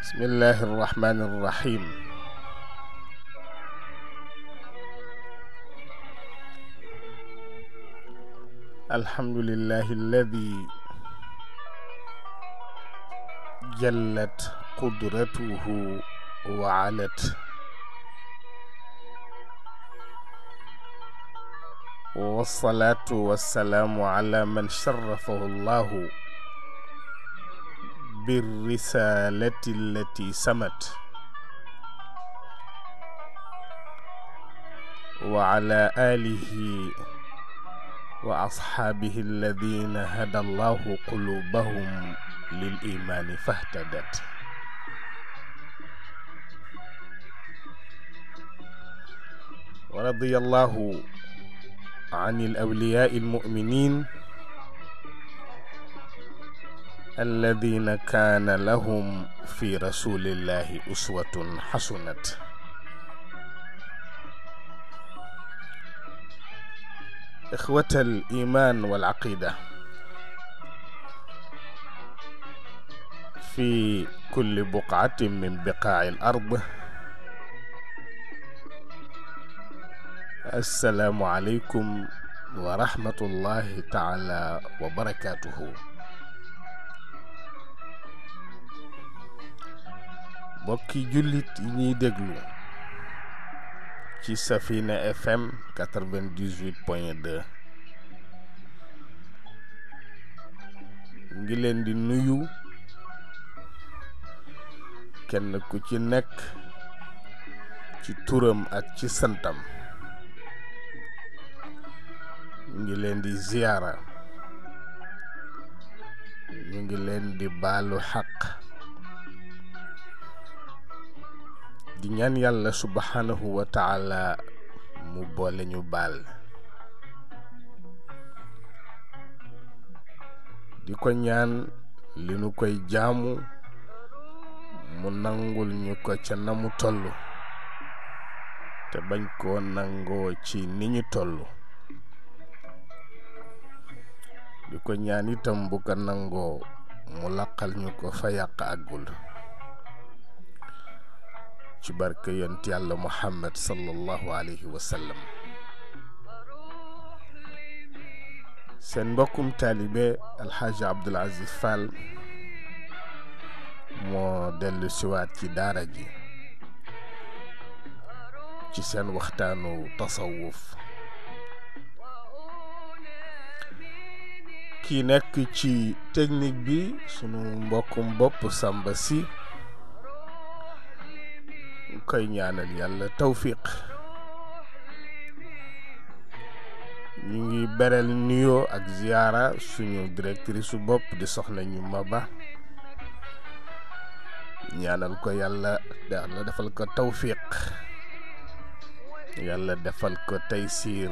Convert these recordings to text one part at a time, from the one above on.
بسم الله الرحمن الرحيم الحمد لله الذي جلت قدرته وعلت والصلاة والسلام على من شرفه الله بالرسالة التي سمت وعلى آله وأصحابه الذين هدى الله قلوبهم للإيمان فاهتدت ورضي الله عن الأولياء المؤمنين الذين كان لهم في رسول الله أسوة حسنة إخوة الإيمان والعقيدة في كل بقعة من بقاع الأرض السلام عليكم ورحمة الله تعالى وبركاته mbokki jullit yi ñuy déglu ci Safina FM quatre-vingt-dix-huit point ngi leen di nuyu kenn ku ci nekk ci turam ak ci santam ngi leen di ziyaara ñu ngi leen di baalu xaq di ñaan yàlla subhanahu wa taala mu boole ñu baal di ko ñaan li nu koy jaamu mu nangul ñu ko ca na mu toll te bañ koo nangoo ci ni ñu toll di ko ñaan itam bu ko nangoo mu laqal ñu ko fa yàq àggul ci barke yonent yàlla muhammad sallallahu alayhi wa sallam seen mbokkum taalibe alxaaji abdul aziz fall mo delu ci wat ci dara ji ci sen waxtanu tasawuf ki nek ci technique bi sunu mbokum bop sàmba si koy ñaanal yàlla tawfiq ñu ngi beral nuyo ak ziyaara suñu directrice su bopp di soxnañu ñu Maba ñaanal ko yàlla yàlla defal ko tawfiq yàlla defal ko taysiir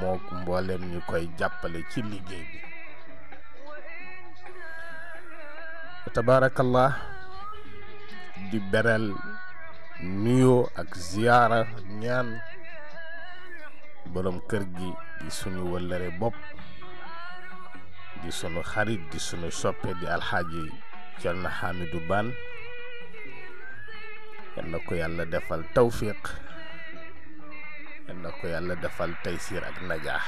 mook mboolem ñu koy jàppale ci liggéey bi di berel nuyo ak nyan ñaan borom kër gi di suñu wëllëre bop di suñu xarit di suñu soppe di alhaji cerno hamidou ban yalla ko yalla defal tawfiq yalla ko yalla defal taysir ak najah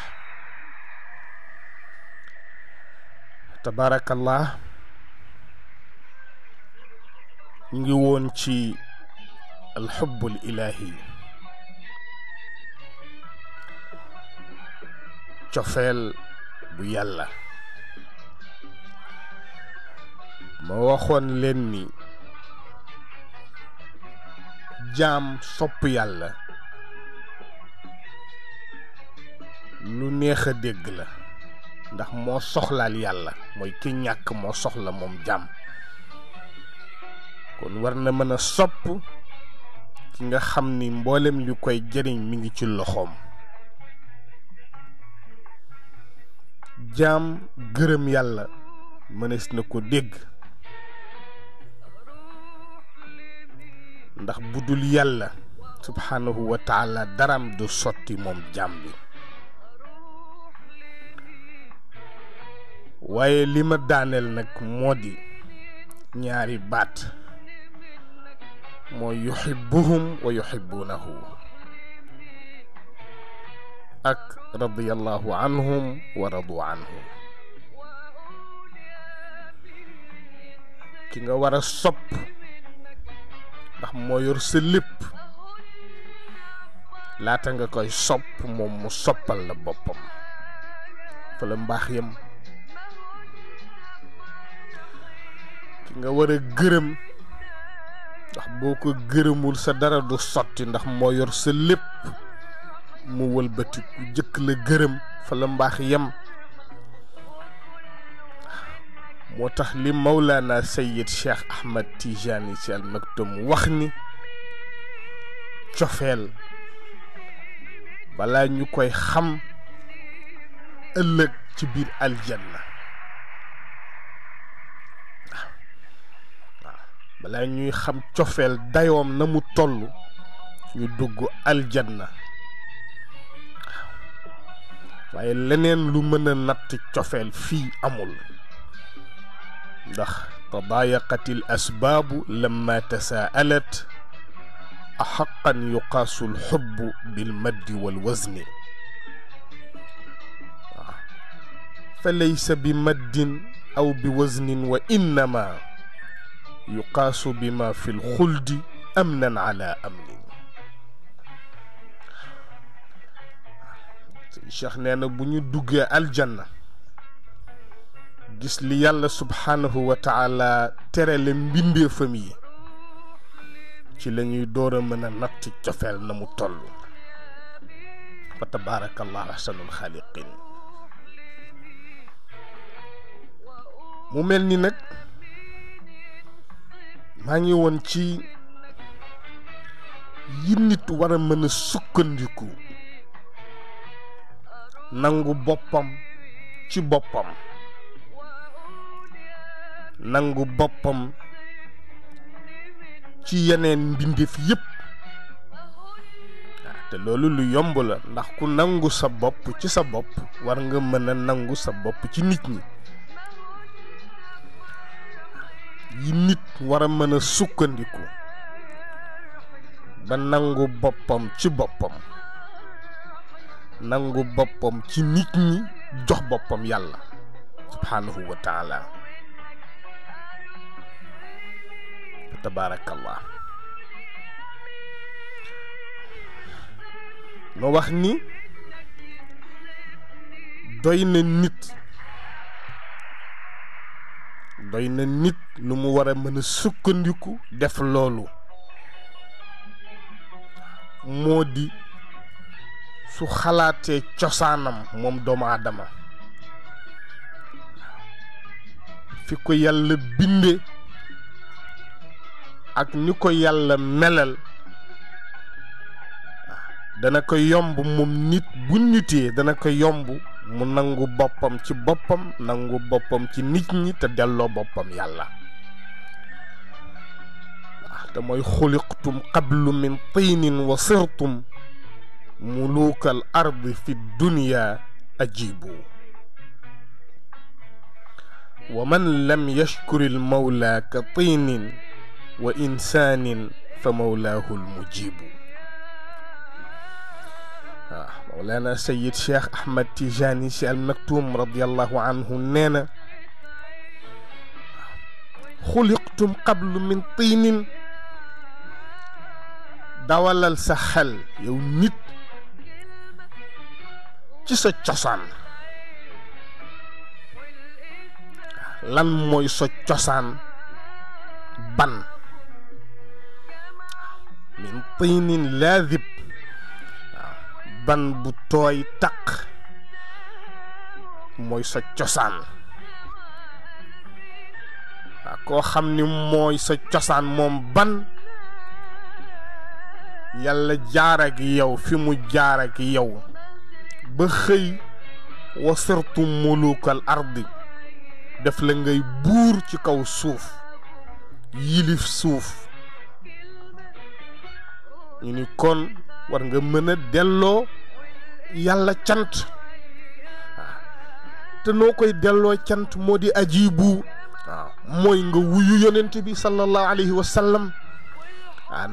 tabarakallah ñu ngi woon ci alxubbul ilahi cofeel bu yàlla ma waxoon leen ni jaam sopp yàlla lu neex a dégg la ndax moo soxlaal yàlla mooy ki ñàkk moo soxla moom jaam kon war na mën a sopp ki nga xam ni mboolem lu koy jëriñ mi ngi ci loxoom jaam gërëm yàlla mënees na ko dégg ndax bu dul yàlla subhaanahu wa daram du sotti moom jaam bi waaye li ma daaneel nag moo di ñaari baat mooy yuhibbuhum wa yuhibbunahu ak radiyallahu anhum wa radu anhu ki nga war a sopp ndax moo yor sa lépp laata nga koy sopp moom mu soppal la boppam fa la mbaax yam ki nga war a gërëm ndax boo ko gërëmul sa dara du sotti ndax moo yor sa lépp mu wëlbati ku jëkk la gërëm fa la mbaax yem moo tax li Mawlana Sayid Cheikh Ahmad Tijani ci al Maktoum wax ni cofeel bala ñu koy xam ëllëg ci biir aljanna bala ñuy xam cofeel dayoom na mu toll ñu dugg aljanna waaye leneen lu mën a natt cofeel fii amul ndax تضايقت الأسباب لما تساءلت أحقا يقاس الحب بالمد والوزن فليس بمد أو بوزن وإنما يقاس بما في الخلد أمنا على أمن الشيخ نانا بني دوغة الجنة جس لي الله سبحانه وتعالى ترى لمبيند فمي كي لنجي دور من النقطة كفال نمطل فتبارك الله أحسن الخالقين مو ملني نك maa ngi woon ci yi nit war a mën a sukkandiku nangu boppam ci boppam nangu boppam ci yeneen mbindeef yépp ah, te loolu lu yomb la ndax ku nangu sa bopp ci sa bopp war nga mën a nangu sa bopp ci nit ñi yi nit war a mën a sukkandiku ba nangu boppam ci boppam nangu boppam ci nit ñi jox boppam yàlla subhaanahu wa wax ni doy na nit doy na nit lu mu war a mëna sukkandiku def loolu moo di su xalaatee cosaanam moom doomu aadama fi ko yàlla binde ak ni ko yàlla melal dana ko yomb moom nit bu nitee dana ko yomb mu nangu boppam ci boppam nangu boppam ci nit ñi te delloo boppam yàlla te mooy xuliqtum qablu min tinin wa sirtum muluka al ardi fi dunya ajibu ومن لم يشكر المولى كطين وإنسان فمولاه المجيب آه، مولانا سيد شيخ أحمد تيجاني سي المكتوم رضي الله عنه نانا خلقتم قبل من طين دوال السحل يونيت تسا تسان لن موي تسان بان من طين لاذب ban bu tooy taq mooy sa cosaan waaw koo xam ni mooy sa cosaan moom ban yàlla jaar ak yow fi mu jaar ak yow ba xëy wa sirtu mulukal ardi def la ngay buur ci kaw suuf yilif suuf ñu ni kon war nga mëna a delloo yàlla cant waaw te noo koy delloo cant moo di ajibu waaw mooy nga wuyu yonent bi sallallahu alayhi wa sallam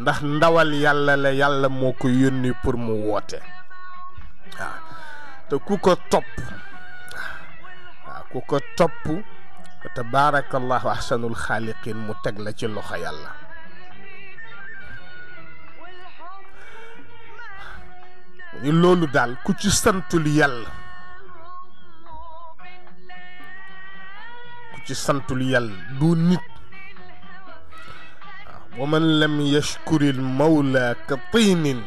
ndax ndawal yàlla la yàlla moo ko yónni pour mu woote waaw te ku ko topp waaw ku ko topp tabaarakallahu ahsanul xaaliqin mu teg la ci loxo yàlla loolu daal ku ci santul yàlla ci santul yàlla du nit waaw wa man lam yashkuril mawla ka tinin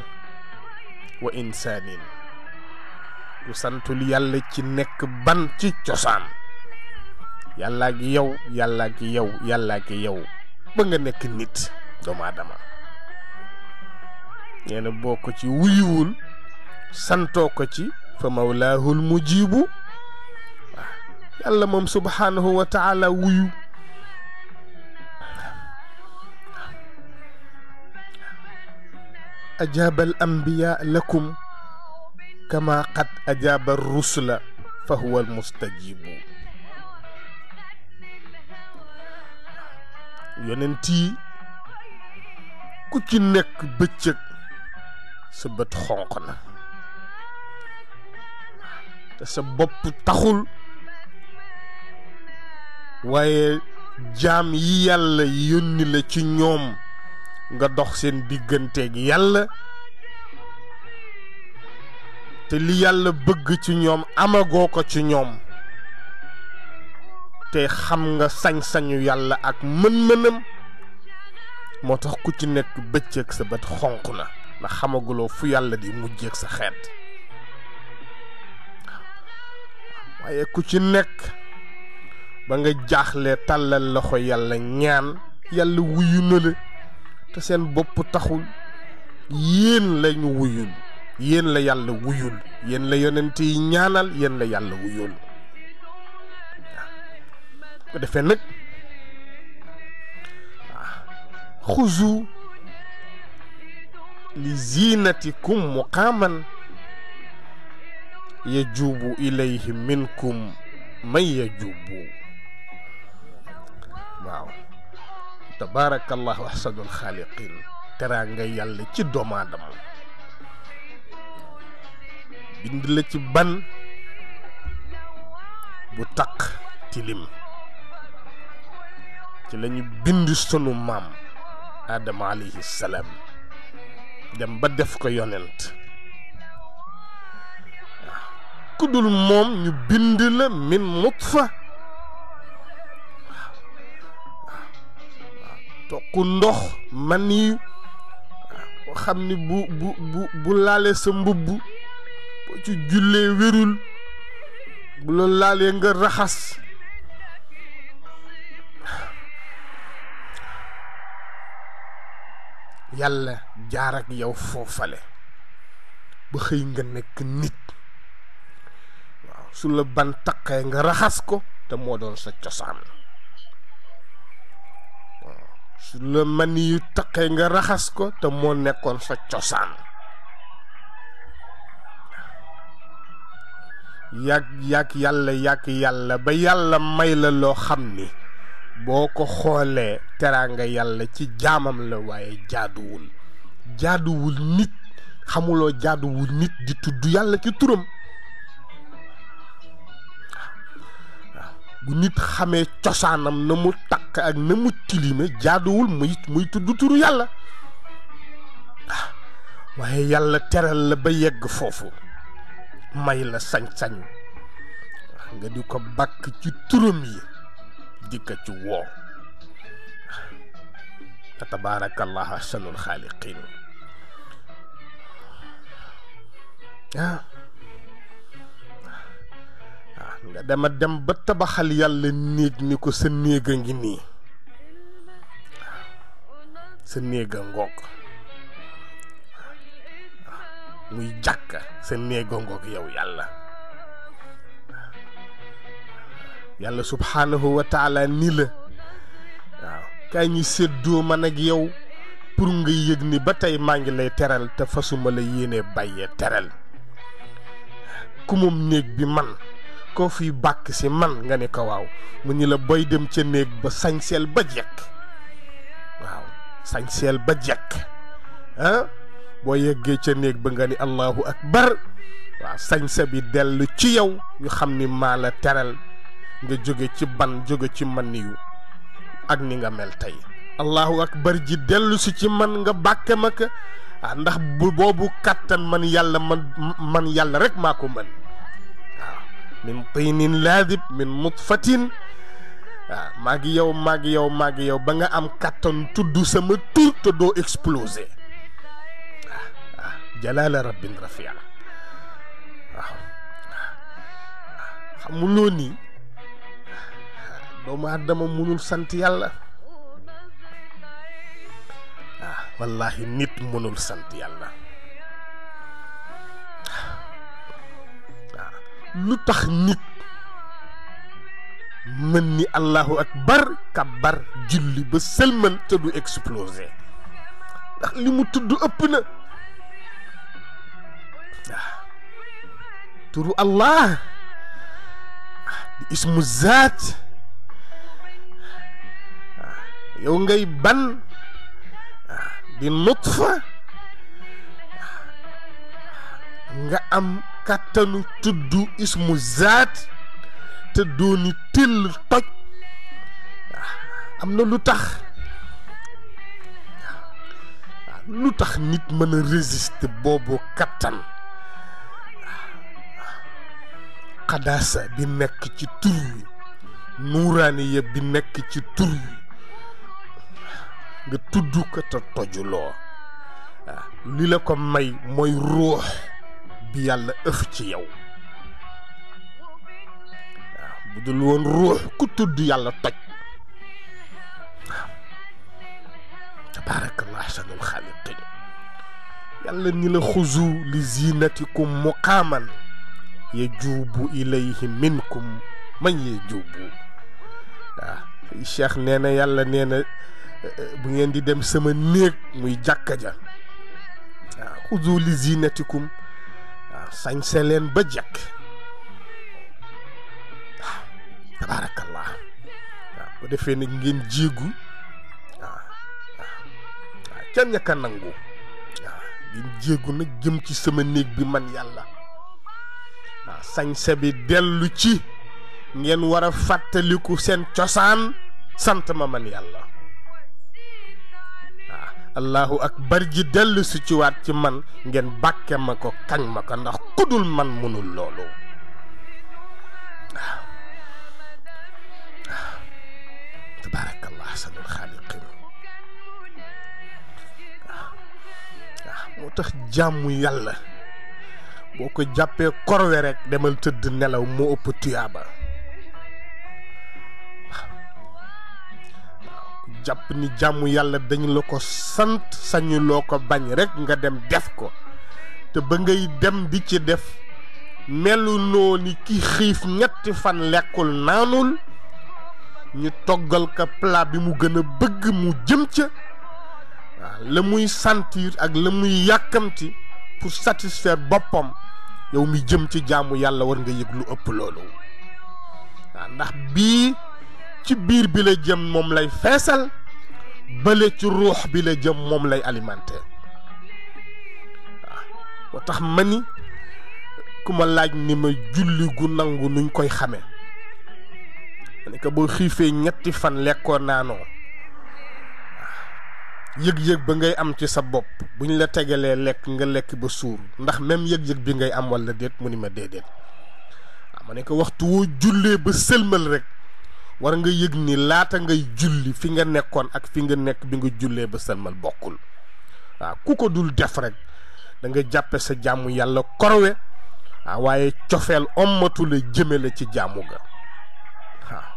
wa insaanin ku santul yàlla ci nekk ban ci cosaan yàllaa gi yow yàllaa gi yow ba nga nekk nit doomu aadama nee ci wuyuwul santoo ko ci fa mawlaahul mujibu moom subhaanahu wa taala wuyu ajaaba al ambiya lakum kama qad ajaaba rusula fa huwa al mustajibu yi ku ci nekk bëccëg sa bët xonq na sa bopp taxul waaye jaam yi yàlla yónni la ci ñoom nga dox seen digganteeg yàlla te li yàlla bëgg ci ñoom amagoo ko ci ñoom te xam nga sañ-sañu yàlla ak mën-mënam moo tax ku ci nekk bëccëg sa bët xonq na ndax xamaguloo fu yàlla di mujjeeg sa xeet waaye ku ci nekk ba nga jaaxle tàllal loxo yàlla ñaan yàlla wuyu na la te seen bopp taxul yéen lañu wuyul yéen la yàlla wuyul yéen la yonent yi ñaanal yéen la yàlla wuyul ko defee nag xuzu li ziinatikum muqaaman yajubu ilayhi minkum man yajubu waaw tabaarakallahu ahsanul xaaliqin teraa nga yàlla ci doomu aadama bind la ci ban bu taq tilim ci lañu bind sunu maam aadama alayhi salaam dem ba def ko yonent ku dul moom ñu bind la min nutfa toq ndox man yi boo xam ni bu bu bu bu laalee sa mbubb boo ci jullee wérul bu la laalee nga raxas yàlla jaar ak yow foofale ba xëy nga nekk nit su la ban taqee nga raxas ko te moo doon sa cosaan su la mani yu taqee nga raxas ko te moo nekkoon sa cosaan yàgg yàgg yàlla yàgg yàlla ba yàlla may la loo xam ni boo ko xoolee teraanga yàlla ci jaamam la waaye jaaduwul jaaduwul nit xamuloo jaaduwul nit di tudd yàlla ci turam bu nit xamee cosaanam na mu takk ak na mu tilime jaaduwul muy muy tudd turu yàlla ah, waaye yàlla teral la ba yegg foofu may la sañ-sañ nga di ko bàkk ci turam yi di ci woo tabaarakallahu ahsanul xaaliqiin ah, nga dama dem ba tabaxal yàlla néeg ni ko sa néeg a ngi nii sa néeg a ngoog muy jàkka sa néeg a ngoog yow yàlla yàlla subhaanahu wa taala ni la waaw kaay ñu séddoo man ak yow pour nga yëg ni ba tey maa ngi lay teral te fasuma la yéene bàyyee teral ku moom néeg bi man ko fi bak ci man nga ne ko waw mu ni la boy dem ci neeg ba sañsel ba jekk waaw sañsel ba jek ah bo yegge ci neeg ba nga ni allahu akbar waaw sañsa bi delu ci yow ñu xamni ni la teral nga joge ci ban joge ci man yu ak ni nga mel tay, allahu akbar ji delu ci ci man nga bàkke ah ndax bu katan kàttan man yalla man man rek mako man min tinin ladib min mutfatin magi yow magi yow magi yow ba nga am kattan tuddu sama tour te do exploser jalala rabbin rafia xamulo ni do ma adama munul sante yalla wallahi nit munul sante yalla lu tax nit mën ni allahu akbar kabbar julli ba sëlman te du explosé ndax li mu tudd ëpp na ah, turu allah di ah, ismu zaat ah, yow ngay ban di nutfa nga am kattanu tudd ismu zaat te dooni tëll toj am na lu tax lu tax nit mën a résister boobu kattan xadaasa bi nekk ci tur wi nuuraaniya bi nekk ci tur wi nga tudd ko te tojuloo li la ko may mooy ruux yàlla ëx ci yow waaw bu dul woon ruux ku tudd yàlla toj waaw tabaarakallah ahsanul xaaliqin yàlla ni la xuzu li zinatikum muqaaman yajuubu ilayhi minkum man yajuubu waaw cheikh nee na yàlla nee na bu ngeen di dem sama néeg muy jàkka ja waaw xuzu li zinatikum sañse leen ba jekk waaw ah, tabaarakallah waaw ah, bu defee nag ngeen jéegu waaw ah, waaw nangu ngeen jéegu nag jëm ci sama néeg bi man yàlla waaw sañse bi dellu ci ngeen war a fàttaliku seen cosaan sant ma man yàlla allahu akbar ji dellu si ci ci man ngeen bàkke ma ko kañ ma ko ndax kudul man mënul loolu waaw ah, moo tax jàmm yàlla boo ko jàppee korwe rek demal tëdd nelaw moo ëpp tuyaaba jàpp ni jàmm yàlla dañu la ko sant sañu loo ko bañ rekk nga dem def ko te ba ngay dem di ci def melu noo ni ki xiif ñetti fan lekkul naanul ñu toggal ko plat bi mu gën a bëgg mu jëm ca waaw la muy sentir ak la muy yàkkamti pour satisfaire boppam yow mi jëm ci jaamu yàlla war nga yëg lu ëpp loolu waaw ndax bii ci biir bi la jëm moom lay feesal bële ci ruux bi la jëm moom lay alimenté waaw moo tax ma ni ku ma laaj ni ma julli gu nangu nuñ koy xamee ma ne boo xiifee ñetti fan lekkoo naanoo yëg-yëg ba ngay am ci sa bopp bu ñu la tegalee lekk nga lekk ba suur ndax même yëg-yëg bi ngay am walla déet mu ni ma déedéet waaw ma ne waxtu woo jullee ba sëlmal rek war nga yëg ni laata ngay julli fi nga nekkoon ak fi nga nekk bi nga jullee ba selmal bokkul waaw ku ko dul def rek da nga jàppe sa jàmm yàlla korwe waaw waaye cofeel ommatu la jëme la ci jàmmu ga waaw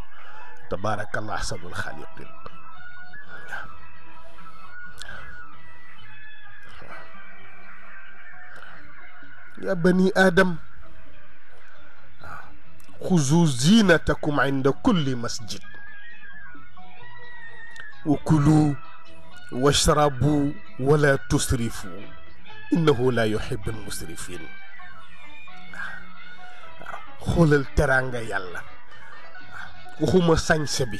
tabaarakallah ahsanul xaaliqin ya bani adam خذوا زينتكم عند كل مسجد وكلوا واشربوا ولا تسرفوا إنه لا يحب المسرفين خلل ترانغا يلا وخما سانسبي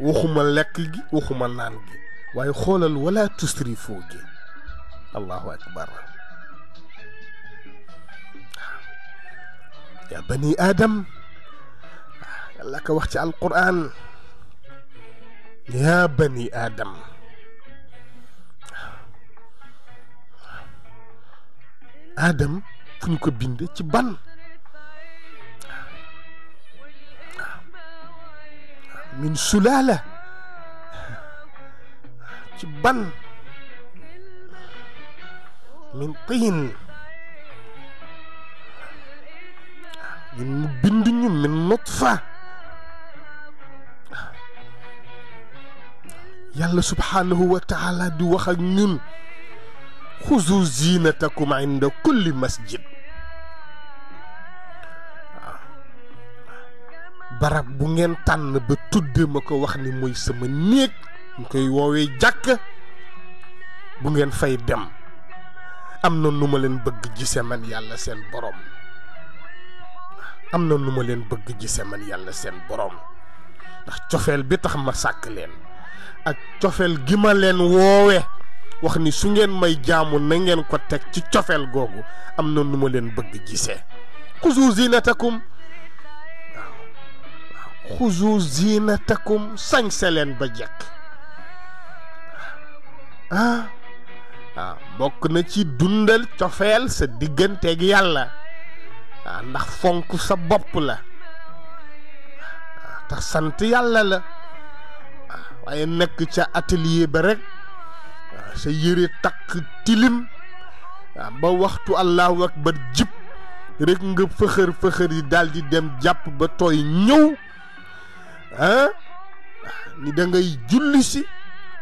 وخما لكي وخما نانغي واي خلل ولا تسرفوا الله أكبر الله أكبر yaa bani aadam yàlla ko wax ci alquran yaa bani aadam aadam fu ñu ko bind ci ban min sulaala ci ban min tiin ñun mu bind ñu min nutfa yàlla subhaanahu wa di wax ak ñun xuzu zinatakum inda kulli masjid barab bu ngeen tànn ba tudde ma ko wax ni mooy sama néeg ñu koy woowee jàkk bu ngeen fay dem am na nu ma leen bëgg gise man yàlla seen borom am na nu ma leen bëgg gise man yàlla seen boroom ndax cofeel bi tax ma sàkk leen ak cofeel gi ma leen woowe wax ni su ngeen may jaamu na ngeen ko teg ci cofeel googu am na nu ma leen bëgg gisee xuzu ziinatakum waaw waaw xuzu ziinatakum sañse leen ba jekk ah waaw bokk na ci dundal cofeel sa digganteeg yàlla waaw ah, ndax fonk sa bopp la ah, te sant yàlla la ah, waaye nekk ca atelier ba rek sa yëre takk tilim ba waxtu allahu ba jib rek nga fëxër fëxër yi daal di dem jàpp ba tooy ñëw ah ni da julli si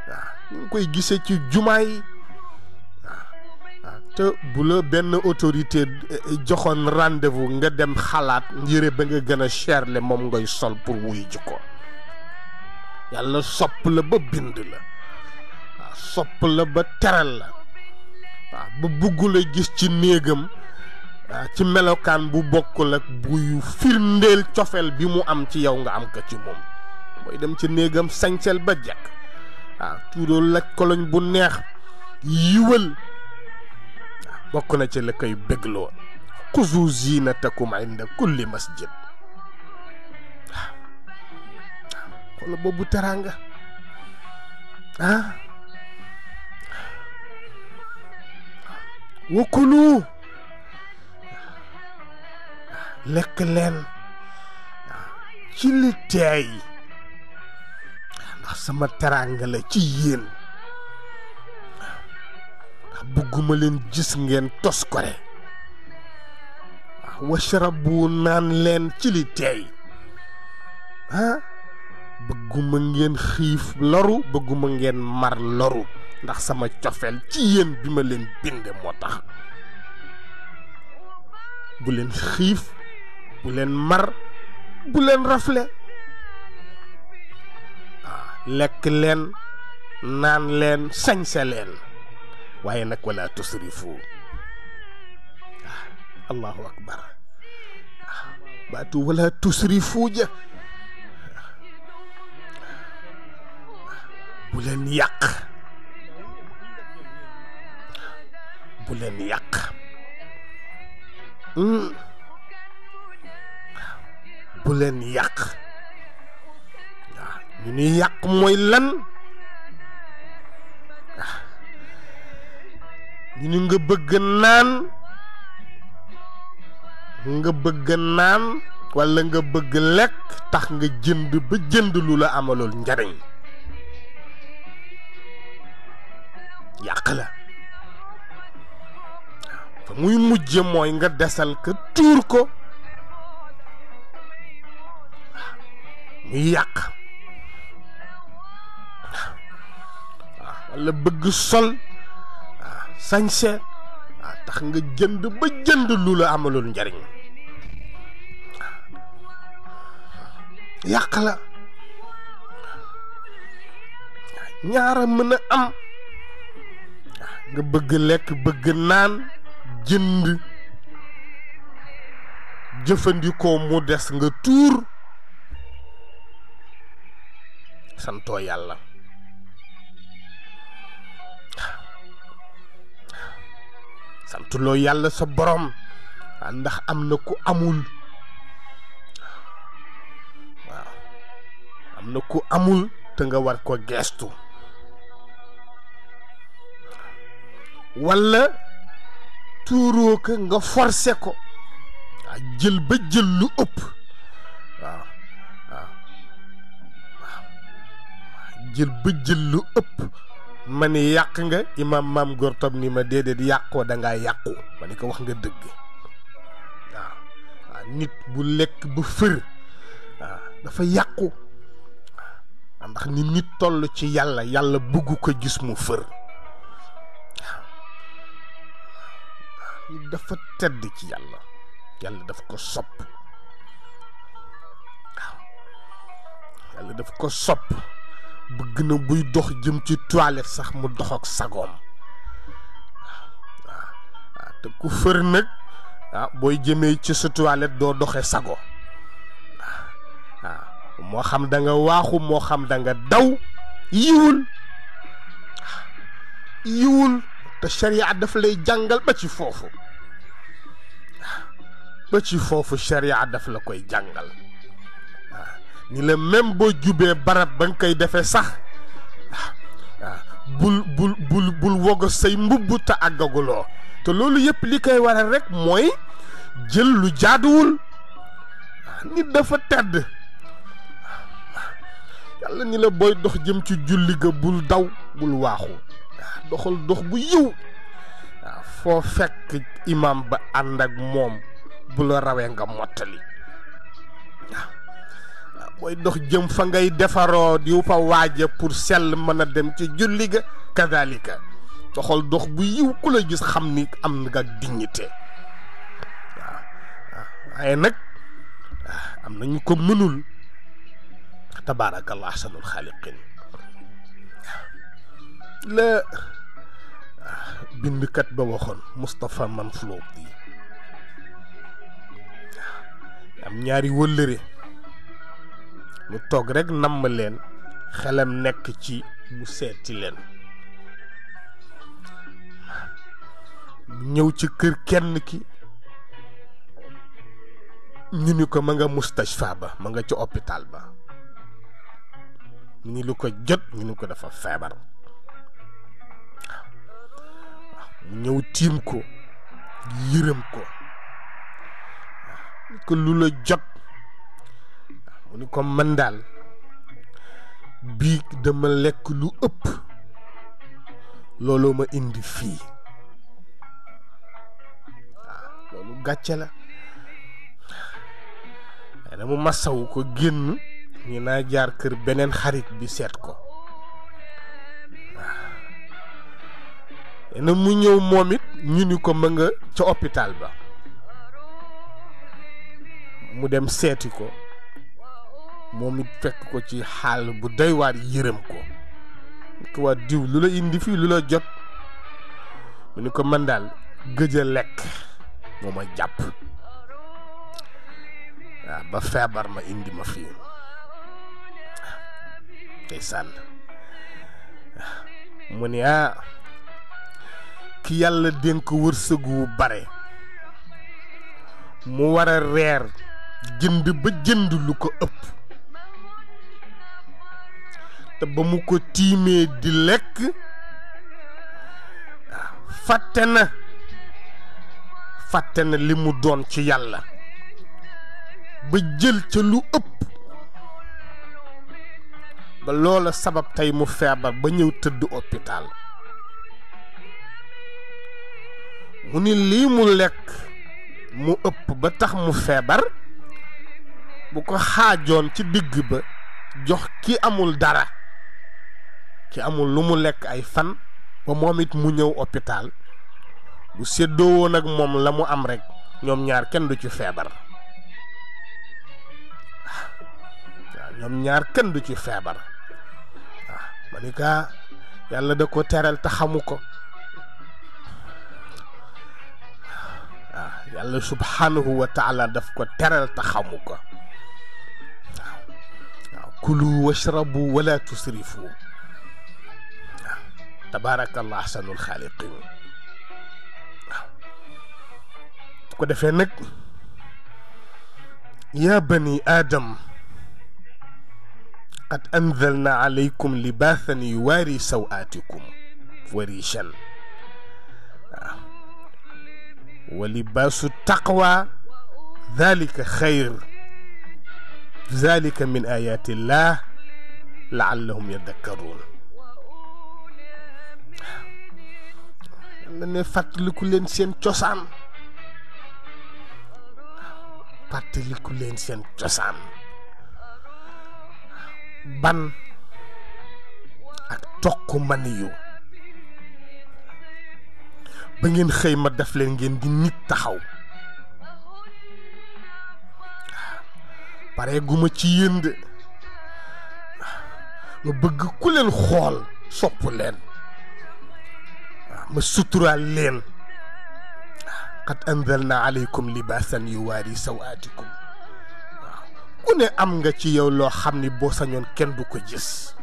waaw ñu ngi koy gisee ci jumaa yi te bu la benn autorité eh, joxoon rendez nga dem xalaat yére ba nga gën a cherle moom ngay sol pour wuy ji ko yàlla sopp la ba bind la sopp la ba teral la waaw ba bugg la gis ci néegam ci melokaan bu bokkul ak buy firndeel cofeel bi mu am ci yow nga am ko ci moom mooy dem ci néegam sañsel ba jekk waaw tuurool laj koloñ bu neex yiwal bokk na ci la koy bégloo xuzu zinatakum inda kulli masjid waaw ah, xoolal boobu teraanga ah, ah wakulu ah, lekk leen ci li teey ndax sama teraanga la ci yéen bëgguma leen gis ngeen tos kore waaw washrabu naan leen ci li teey ah bëgguma ngeen xiif loru bëgguma ngeen mar loru ndax sama cofeel ci yéen bi ma leen bind moo tax bu leen xiif bu leen mar bu leen rafle ah, lekk leen naan leen sañse leen waaye nag wala tusrifu ah, allahu akbar ah, baatu wala tusrifu ja ah, bu leen yàq bu leen yàq hmm. bu leen yàq waaw ñu ñuy yàq mooy lan waaw Ini nga bëgg naan nga bëgg naan wala nga bëgg lek tax nga jënd ba jënd lu la amalul njariñ yàq ya, la fa muy mujje mooy nga desal ka tuur ko muy wala bëgg sol sañse waa ah, tax nga jënd ba jënd lu la amalul njariñ yàq la ñaara mën a am nga bëgg lekk bëgg naan jënd jëfandikoo mu des nga tuur santoo yàlla santuloo yàlla sa borom ndax am na ku amul waaw am na ku amul te nga war ko geestu walla tuuroo ko nga forse ko waaw jël ba jël lu ëpp waaw waaw waaw jël ba jël lu ëpp ma ne yàq nga imaam maam góor toog ni ma déedéet yàqoo da ngaa yàqu ma ni ko wax nga dëgg waaw waaw nit bu lekk bu fër waaw dafa yàqu waaw ndax ni nit toll ci yàlla yàlla bëgg ko gis mu fër waaw nit dafa tedd ci yàlla yàlla daf ko sopp waaw yàlla daf ko sopp bëgg na buy dox jëm ci toilette sax mu dox ak sagoom waaw te ku fër nag ah booy jëmee ci sa doo doxe sago waaw moo xam danga waaxu moo xam da daw yiwul yiwul te sharia daf lay jàngal ba ci foofu ba ci foofu sharia daf la koy jàngal ni la boo jubee barab ba nga koy defee sax bul bul bul bul wogo say mbubb te àggaguloo te loolu yëpp li koy waral rek mooy jël lu jaaduwul nit dafa tedd yàlla ni booy dox jëm ci julli ga bul daw bul waaxu doxal dox bu yiw foo fekk imaam ba ànd ak moom bu la rawee nga mottali booy dox jëm fa ngay defaroo yu fa waaja pour sell mën a dem ci julli ga kadalika doxal dox bu yiw ku la gis xam ni am nga dignité waaw waaye nag am nañu ko mënul tabaarakallah ahsanul xaaliqin la bindkat ba waxoon Moustapha Manflodi am ñaari wëllëre mu toog rekk namm leen xelam nekk ci mu seeti leen ñëw ci kër kenn ki ñu ni ko ma nga mustashfa ba ma nga ci hôpital ba ñu ni lu ko jot ñu ni ko dafa feebar mu ñëw tiim ko yërëm ko ko lu la jot mu ni comme man daal biig dama lekk lu ëpp looloo ma indi fii waaw loolu gàcce la waaye dama masawu ko génn ñu naa jaar kër beneen xarit bi seet ko waaw mu ñëw moom it ñu ni ko ma ca hôpital ba mu dem seeti ko moom it fekk ko ci xaal bu doy waar yërëm ko mu ko waa diw lu la indi fii lu la jot mu ni ko man daal gëj lekk moo ma jàpp waaw ba feebar ma indi ma fii tey sànn mu ne ah ki yàlla dénk wërsëg wu bare mu war a reer jënd ba jënd lu ko ëpp ba mu ko tiimee di lekk fàtte na fàtte na li mu doon ci yàlla ba jël ca lu ëpp ba loola sabab tey mu feebar ba ñëw tëdd hôpital mu ni lii mu lekk mu ëpp ba tax mu feebar bu ko xaajoon ci digg ba jox ki amul dara ci amul lu mu lekk ay fan ba moom it mu ñëw hôpital bu séddoo woon ak moom la mu am rek ñoom ñaar kenn du ci feebar waaw ñoom ñaar kenn du ci feebar waaw manika yàlla da ko teral te xamu ko yàlla subhanahu wa taala daf ko teral te xamu ko kulu washrabu wala tusrifu تبارك الله أحسن الخالقين تكو دفنك يا بني آدم قد أنزلنا عليكم لباسا يواري سوآتكم وريشا ولباس التقوى ذلك خير ذلك من آيات الله لعلهم يذكرون nga ne fàttaliku leen seen cosaan fàttaliku leen seen cosaan ban ak toq man yu ba ngeen xëy ma def leen ngeen di nit taxaw pare guma ci yéen de ma bëgg ku leen xool sopp leen ma suturaal leen qad anzalna alaykum libaasan yuwaari sawaatikum waaw ku ne am nga ci yow loo xam ni boo sañoon kenn bu ko gis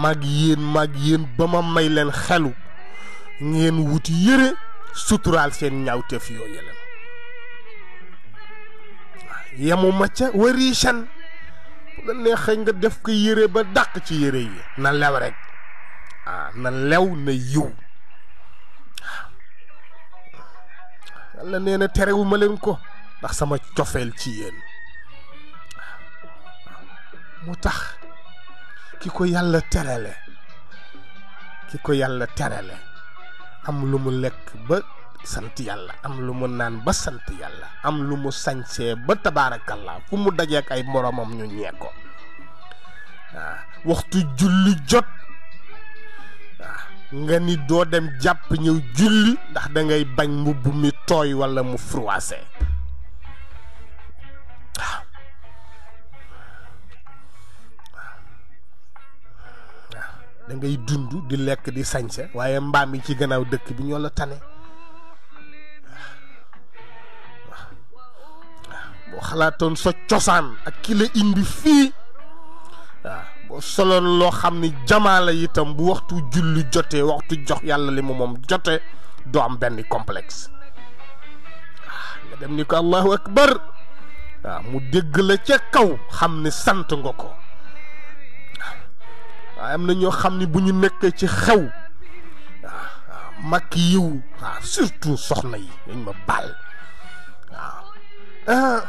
mag maag yéen maag ba ma may leen xelu ngeen wuti yére suturaal seen ñaawteef yooyu la yamuma ca wariisan bu la neexee nga def ko yére ba dàq ci yére yi na lew rek ah na lew na yiw nee na terewuma leen ko ndax sama cofeel ci yéen mu tax ki ko yàlla terale ki ko yàlla terale am lu mu lekk ba sant yàlla am lu mu naan ba sant yàlla am lu mu sañsee ba tabaarakallaa mu dajeek ay moroomam ñu ñee ko waaw waxtu julli jot nga ni doo dem jàpp ñëw julli ndax dangay bañ mbubb mi tooy walla mu froissé waaw dund di lekk di sañse waaye mbaam yi ci gannaaw dëkk bi ñoo la tane boo xalaatoon sa cosaan ak ki la indi fii solo loo xam ni jamaa la itam bu waxtu julli jotee waxtu jox yàlla li mu moom jotee doo am benn complexe waaw ah, nga dem ni ko allahu akbar waaw ah, mu dégg la ca kaw xam ni sant nga ko waaw ah, am na ñoo xam ni bu ñu nekkee ci xew waaw yiw waaw surtout soxna yi dañ ma baal waaw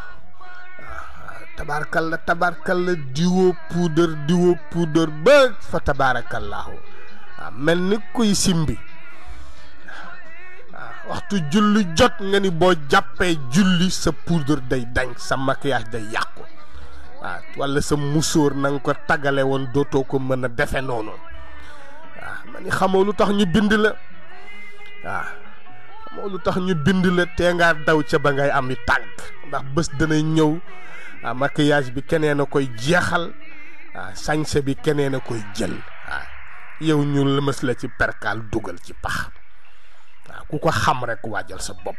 tabarkal la tabarkal la diwoo puudar diwoo puudar ba fa tabaarakallaahu waaw ah, mel ni kuy simbi waaw ah, waxtu julli jot nga ni boo jàppee julli sa puudar day dañ sa maquillage day yàqu waaw ah, walla sa musóor na ko tagale woon dootoo ko mën a defe noonu waaw ma ni xamoo lu tax ñu bind la waaw xamoo lu tax ñu bind la tee ngaa daw ca ba ngay am i tànk ndax bés dana ñëw maquillage bi keneen a koy jeexal sañse bi keneen a koy jël yow ñu lëmës la ci perkaal dugal ci pax waaw ku ko xam rek waajal sa bopp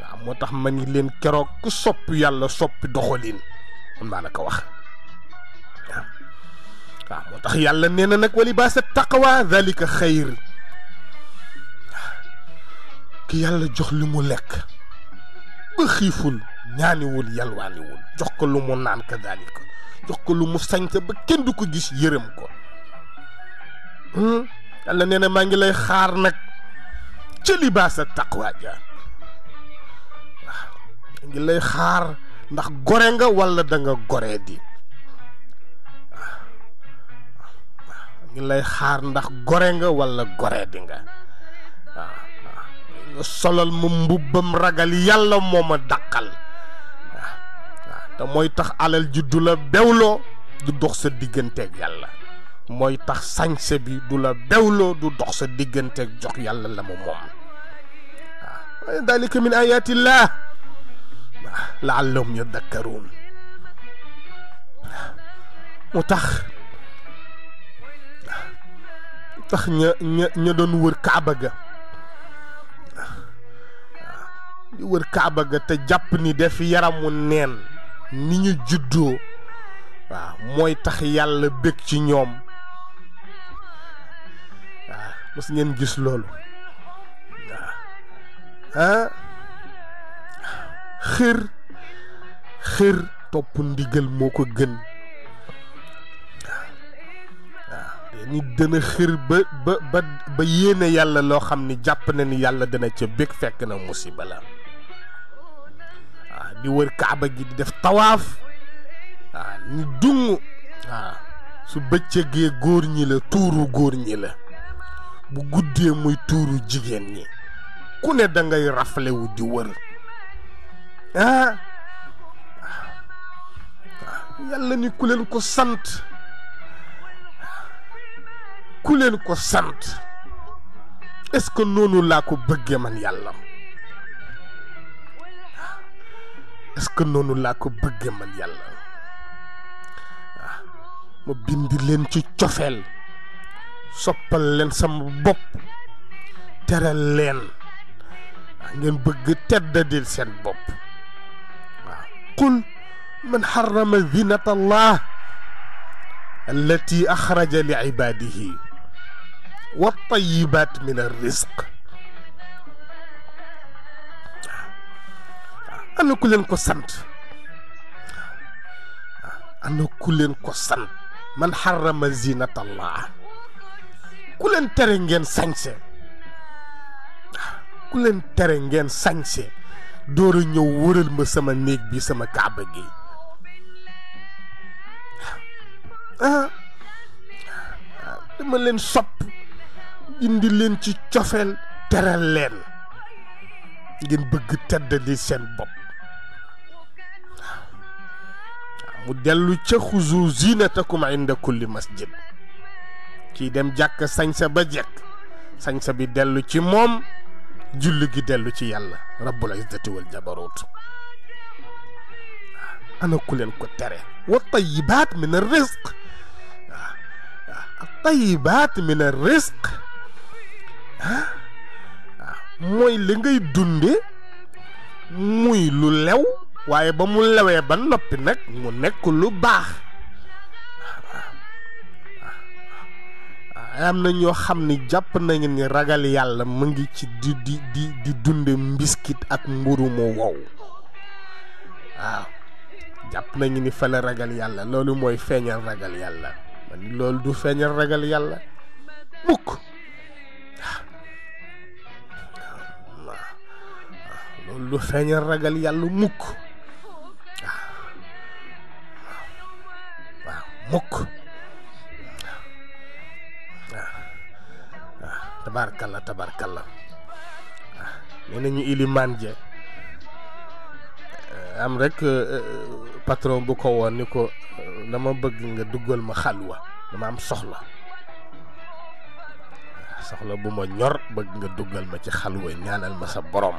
waaw moo tax ma leen keroog ku sopp yàlla soppi doxalin man la ko wax waaw waaw moo tax yàlla nee na nag wali baasa taqwa dalika xayr ki yàlla jox li mu lekk ba xiiful ñaaniwul yalwaaniwul jox ko lu mu naan ka daalika jox ko lu mu sañte ba kenn du ko gis yërëm ko hmm? yàlla nee na maa ngi lay xaar nag ca libaas ak taqwa ja ngi lay xaar ndax gore nga wala da nga lay xaar ndax gore nga wala goree di nga waaw solal ma mbubbam ragal yàlla moo ma dàqal te moy tax alal ji dula bewlo du dox sa digeunte ak yàlla moy tax sañse bi dula bewlo du dox sa digeunte ak jox yàlla la mo mom waaw dalika min ayati llah laallahum yadakkaruun mu tax tax ña ña ña doon wër kaaba ga di wër kaaba ga te jàpp ni def yaramu neen ni ñu juddoo waaw mooy tax yàlla bég ci ñoom waaw mos ngeen gis loolu waaw xër xër topp ndigal moo ko gën nit dana xër ba ba ba ba yéene yàlla loo xam ni jàpp na ni yàlla dana ca bég fekk na musiba la di wër kaaba gi di def tawaaf waaw ah, ñu dung waaw ah, su bëccëgee góor ñi la tuuru góor ñi la bu guddee muy tuuru jigéen ñi ku ne da ngay raflewu di wër ah. ah yàlla ni ku leen ko sant ku leen ko sant est noonu laa ko bëggee man yàlla parce noonu laa ko bëggee man yàlla waaw ah, ma leen ci cofel soppal leen sama bopp teral leen ah, ngeen bëgg teddadil seen bopp waaw ah, qul man xarama zinata allah allati axraja li ibadihi wa tayibat min ar risq ana ku leen ko sant ana ah, ku leen ko sant man xarama zinatallah ku leen tere ngeen sañse ah, ku leen tere ngeen sañse door a ñëw wëral ma sama néeg bi sama kaaba gi ah, dama leen sopp indi leen ci cofeel teral leen ngeen bëgg tedd di seen bopp mu dellu ca xuzu zinatakum inda kulli masjid kii dem jàkk sañsa ba jekk sañsa bi dellu ci moom julli gi dellu ci yàlla rabbul izzati wal jabarut ana ku leen ko tere wa tayibaat min al risq mooy li ngay dunde muy lu lew waaye ba mu lawee ba noppi nag mu nekk lu baax am na ñoo xam ni jàpp nañu ni ragal yàlla mu ngi ci di di di dunde mbiskit ak mburu mu wow waaw jàpp nañu ni fële ragal yàlla loolu mooy feeñal ragal ragal yàlla mukk feeñal ragal yàlla mukk mukk waaw ah, ah, waaw tabaarkalla tabaarkalla waaw ah, nee nañu ilimaan ja eh, am rek eh, eh, patron bu ko woon ni ko dama bëgg nga duggal ma xalwa dama am soxla soxla bu ma ñor bëgg nga duggal ma ci xalwa ñaanal ma sa borom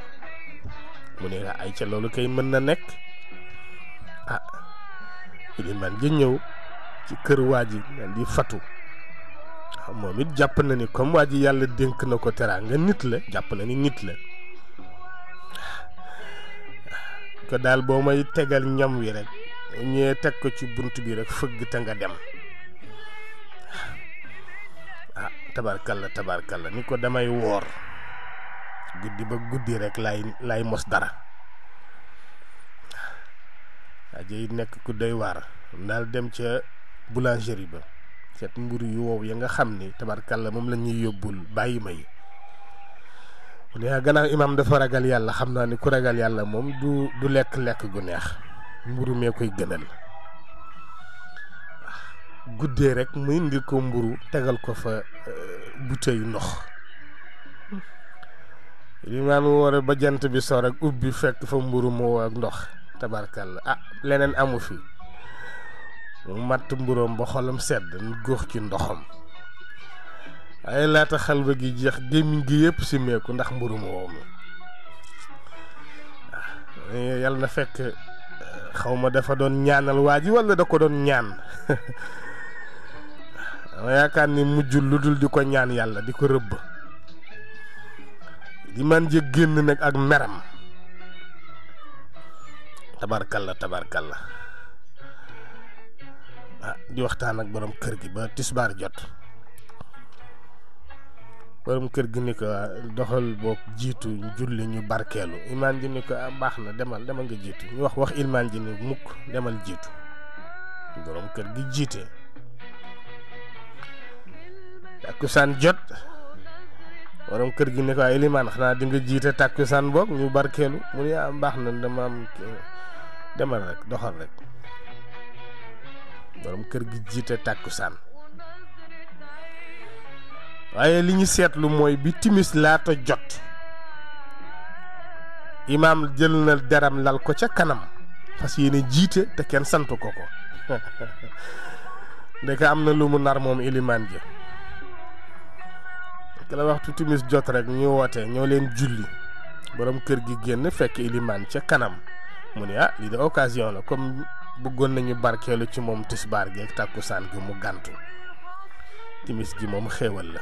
mu ne ay ca loolu kay mën na nekk ah ilimaan ja ñëw ci kër waa ji daal di fatu ah, moom it jàpp na ni comme waa ji yàlla dénk na ko teraanga nit la jàpp na ni nit la ko daal boo may tegal ñam wi rek ñee teg ko ci bunt bi rek fëgg te nga dem ah tabarkal la ni ko damay woor guddi ba guddi rek lay lay mos dara aje nekk ku doy waar daal dem ca boulangerie ba seet mburu yu wow ya nga xam ni la moom lañuy ñuy yóbbul bàyyi ma yi mu ah, gannaaw imaam dafa ragal yàlla xam naa ni ku ragal yàlla moom du lekk lekk gu neex mburu mee koy gënal guddee rek mu indi ko mburu tegal ko fa euh, butéeyu ndox limaan woore ba jant bi sor ak ubbi fekk fa mburu mu wow ak ndox tabarkàlla ah leneen amu fi mu màtt mburoom ba xolam sedd nu góox ci ndoxam ay laata xalba gi jeex gémmiñ gi yëpp simmeeku ndax mburum woow mi waaw ah, na fekk xawma dafa doon ñaanal waa ji walla da ko doon ñaan dama yaakaar ni mujj lu dul di ko ñaan yàlla di ko rëbb di man jë génn nag ak meram tabarkal la Ah, di waxtaan ak borom kër gi ba tisbar jot borom kër gi ni ko ah, doxal bok jitu julli ñu barkelu iman ji ni ko ah, baax na demal demal nga jitu ñu wax wax iman ji ni mukk demal jitu borom kër gi jité takusan jot borom kër gi ni ko iman xana di nga jité takusan bok ñu barkelu mu ya dama demal rek doxal rek borom kër gi jiite tàkkusaan waaye li ñu seetlu mooy bi timis laata jot imaam jël na deram lal ko ca kanam fas yéene jiite te kenn sant ko ko ndeke am na lu mu nar moom ilimaan ji ki la waxtu timis jot rek ñu woote ñoo leen julli borom kër gi génn fekk ilimaan ca kanam mu ne ah lii de occasion la comme bëggoon nañu barkeelu ci moom tisbaar gi ak tàkkusaan gi mu gàntu timis gi moom xéewal la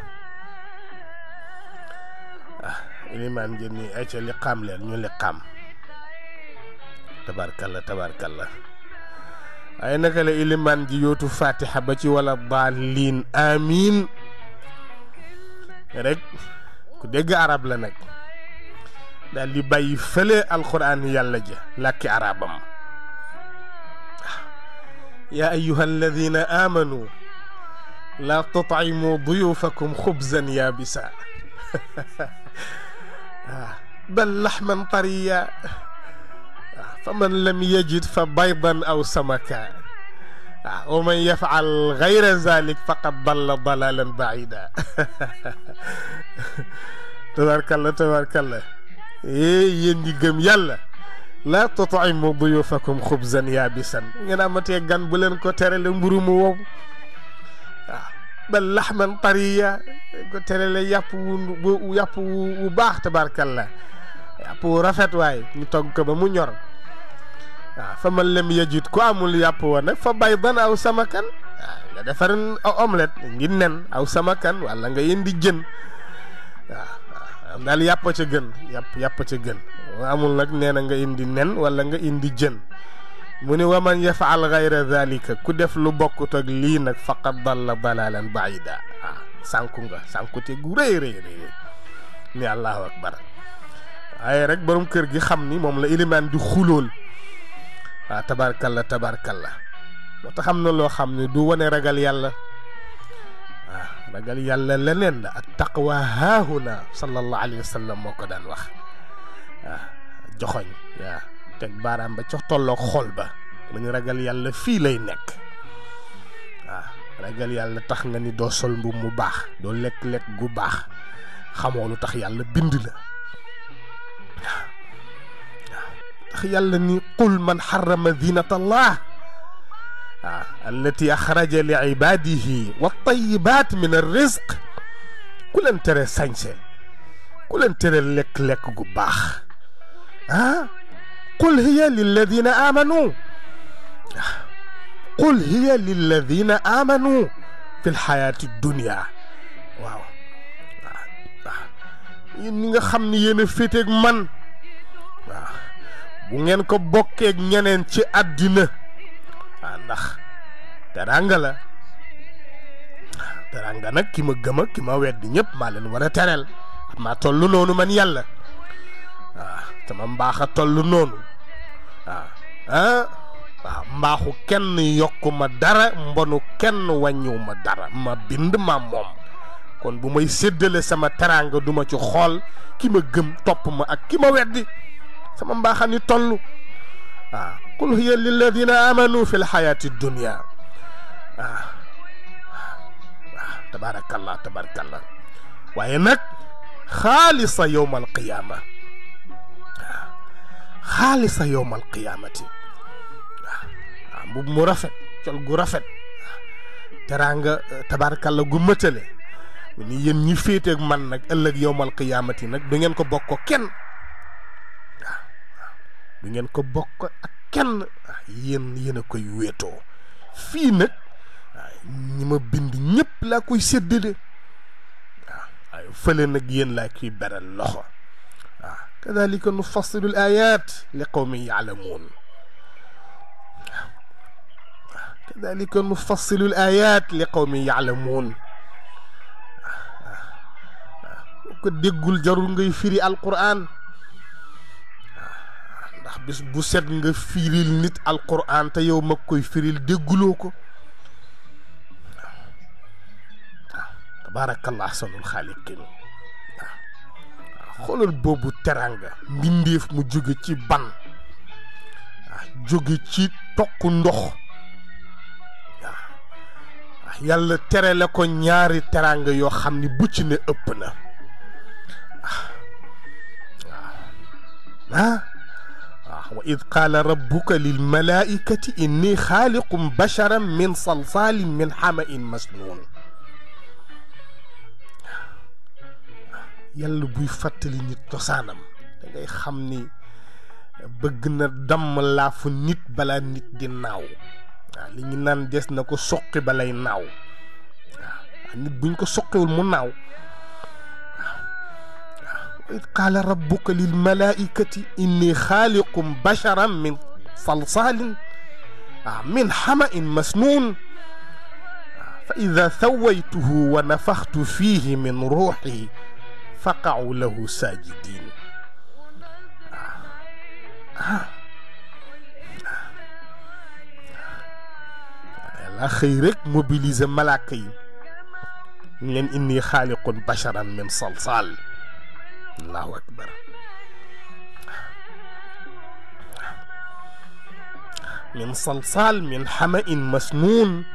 ah limaan ngeen ni ay ca liqaam leen ñu liqaam tabarkalla tabarkalla ay naka la ilimaan ji yootu fatiha ba ci wala daalin amin rek ku dégg arab la nag daal bàyyi fële alxuraan yàlla ji làkki arabam يا أيها الذين آمنوا لا تطعموا ضيوفكم خبزا يابسا بل لحما طريا فمن لم يجد فبيضا أو سمكا ومن يفعل غير ذلك فقد ضل ضلالا بعيدا تبارك الله تبارك الله ايه يندي يلا laa tut'imu duyuufakum xubzan yaabisan ngeen amatee gan bu leen ko terale mburu mu wow waaw bal laxman tariya ko terale yàpp wu yàpp wu baax tabarkalla yàpp wu rafet waay ñu togg ko ba mu ñor waaw fa man lam yajid ku amul yàpp wa nag fa baydan aw samakan waaw nga defar omelette ngi nen aw samakan wala nga indi jën waaw dal yap ci gën yap yap ci gën amul nak neena nga indi nen wala nga indi jën muni waman yaf'al ghayra dalika ku def lu bokkut ak li nak faqad dalla dalalan baida ah, sanku nga sanku te gu reey reey ni allahu akbar ay rek borom kër gi xamni mom la iliman ah, du khulul wa tabarkalla tabarkalla motax tax lo xamni du wane ragal yalla ragal yàlla leneen la ak taqwa haahuna sallallahu alayhi wa sallam moo ko daan wax waaw ah, joxoñ waaw ah, baaraam ba cox tollook xool ba mu ñu ragal yàlla fii lay nekk waaw ah, ragal yàlla tax nga ni doo sol mbubb mu baax doo lekk-lekk gu baax xamoo lu tax yàlla bind tax yàlla ni qul man xarama zinata allah آه، التي أخرج لعباده والطيبات من الرزق كل أن ترى سانشي كل أن ترى لك لك قباخ آه، قل هي للذين آمنوا آه، قل هي للذين آمنوا في الحياة الدنيا واو ñi nga xam ni yéen a man waaw bu ngeen ko bokkeeg ñeneen ci àddina ndax teranga la teranga nag ki ma gëma ak ki ma weddi ñépp maa leen war a tereel xam naa toll noonu man yàlla waaw ah, sama mbaax a toll noonu ah, ah, waaw mbaaxu kenn yokku dara mbonu kenn wàññiwu ma dara ma bind ma moom kon bu may séddale sama teranga duma ci xool ki ma gëm topp ma ak ki ma weddi sama mbaaxa ni toll waaw قل هي للذين آمنوا في الحياة الدنيا آه. آه. تبارك الله تبارك الله وإنك خالصة يوم القيامة آه. خالصة يوم القيامة أبو مرافق تقول غرافق ترانغ تبارك الله غمتلي من يم نفيت من نك الله يوم القيامة نك بعدين كبكو كن بعدين كبكو kenn yéen yéen a koy wéetoo fii nag ñi ma bind ñëpp laa koy séddale waaw waaye fële nag yéen laa koy beral loxo waaw kadalika nufassilu l ayat li qawmin yaalamuun waaw waaw kadalika nufassilu l ayat li qawmin yaalamuun waaw waaw ko déggul jarul ngay firi alquran ndax bis bu set nga firil nit alquran te yow mag koy firil dégguloo ko waaw tabaarakallah sanul xaaliqin waaw xoolal boobu teranga mbindeef mu jóge ci ban jóge ci tokk ndox yàlla tere la ko ñaari teranga yoo xam ni bu ci ne ëpp na ah, وإذ قال ربك للملائكة إني خالق بشرا من صلصال من حمأ مسنون يلا بوي فاتلي نيت توسانم داغي خامني بغنا دم لا نيت بلا نيت دي ناو آه، لي ني نان ديس نكو سوقي بلاي ناو آه، نيت بوين كو سوقي مو ناو إذ قال ربك للملائكة إني خالق بشرا من صلصال آه، من حمأ مسنون آه، فإذا ثويته ونفخت فيه من روحي فقعوا له ساجدين yàlla آه، خيرك rek mobiliser malaaka إني خالق بشرا من صلصال الله أكبر من صلصال من حمأ مسنون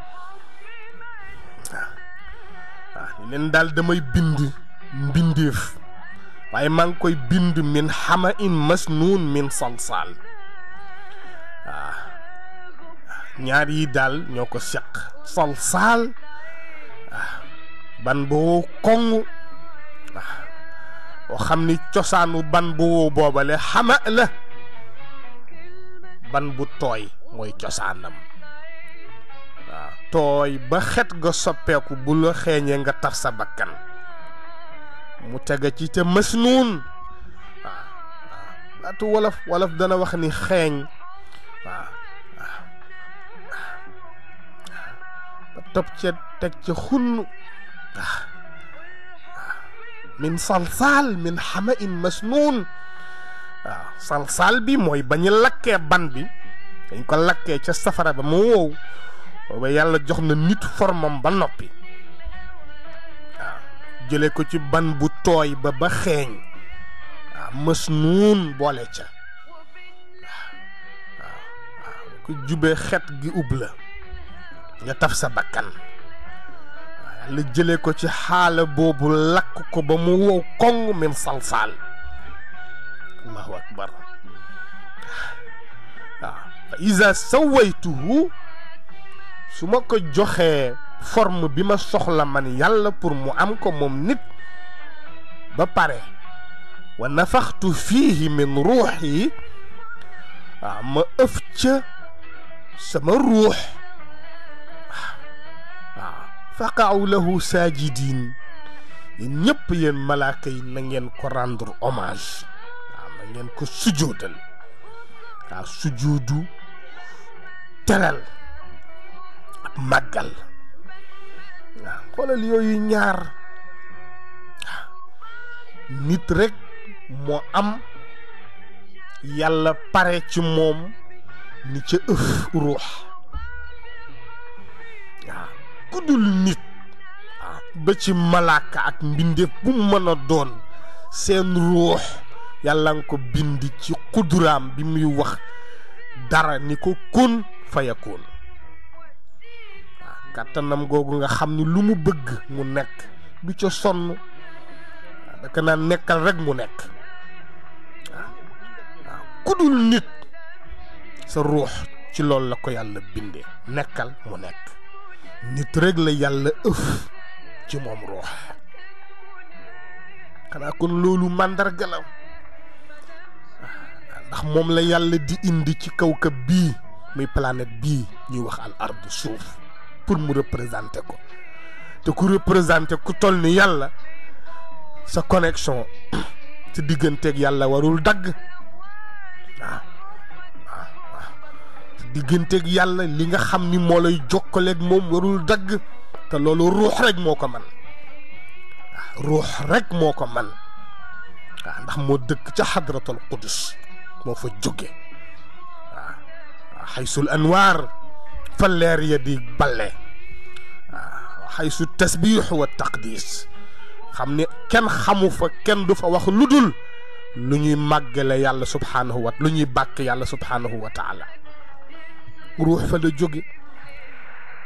آه، آه، نين دال دمي بند بنديف واي مان كوي من حمأ مسنون من صلصال ñaar yi dal ñoko sekk sal sal ah, ban bo oo xam ni ban bu bobale xama la ban bu toy moy ciosanam waaw tooy ba xet ga soppeku bu lo xegne nga taf sa bakkan mu tega ci te masnun wolof wolof dana wax ni xeeñ waaw ba min salsaal min xama in masnuun waaw salsaal bi mooy ba ñu lakkee ban bi dañ ko lakkee ca safara ba mu wow booba yàlla jox na nit formam ba noppi waaw jële ko ci ban bu tooy ba ba xeeñ waaw masnuun boole ca waaw ku jubee xet gi ub la nga taf sa bakkan la jëlee ko ci xaala boobu lakk ko ba mu wow koŋ min salsaal allahu akbar waaw ah, fa isa sawaytuhu su ma ko joxee forme bi ma soxla man yàlla pour mu am ko moom nit ba pare wa nafaxtu fiihi min ruux yi waaw ah, ma ëf ca sama ruux faqa'u lahu sajidin ñepp yeen malaaka yi na ngeen ko rendre hommage waaw na ngeen ko sujudal waaw sujudu teral magal. waaw yooyu ñaar nit rek moo am yàlla pare ci moom ni ca ëf ruux ku dul nit ba ci malaaka ak mbindeef bu mën a doon seen ruux yàlla nga ko bind ci xuduraam bi muy wax dara ni ko kun fayakoon waaw kàttanam googu nga xam ni lu mu bëgg mu nekk du ca sonn waaw daka naan nekkal rekk mu nekk waaw waaw nit sa ruux ci loolu la ko yàlla bindee nekkal mu nekk nit rek la yàlla ëf ci moom ruux xanaa kon loolu màndarga ah, ndax moom la yàlla di indi ci kawkab bii muy planet bii ñuy wax al ardu suuf pour mu représenter ko te ku représenter ku toll ni yàlla sa connexion sa digganteek yàlla warul dagg digganteeg yàlla li nga xamni mo moo lay jokkaleeg mom warul dag te lolu ruh rek moko man ruh rek moko man ndax mo dëkk ci hadratul qudus mo fa joggé waaw waaw xaysul anwaar fa leer ya di balle waaw tasbih wa taqdis xam ken xamu fa ken du fa wax ludul dul lu ñuy màggale yàlla subhanahu wa lu ñuy bàkk yàlla subhanahu wa taala ruux fa la jóge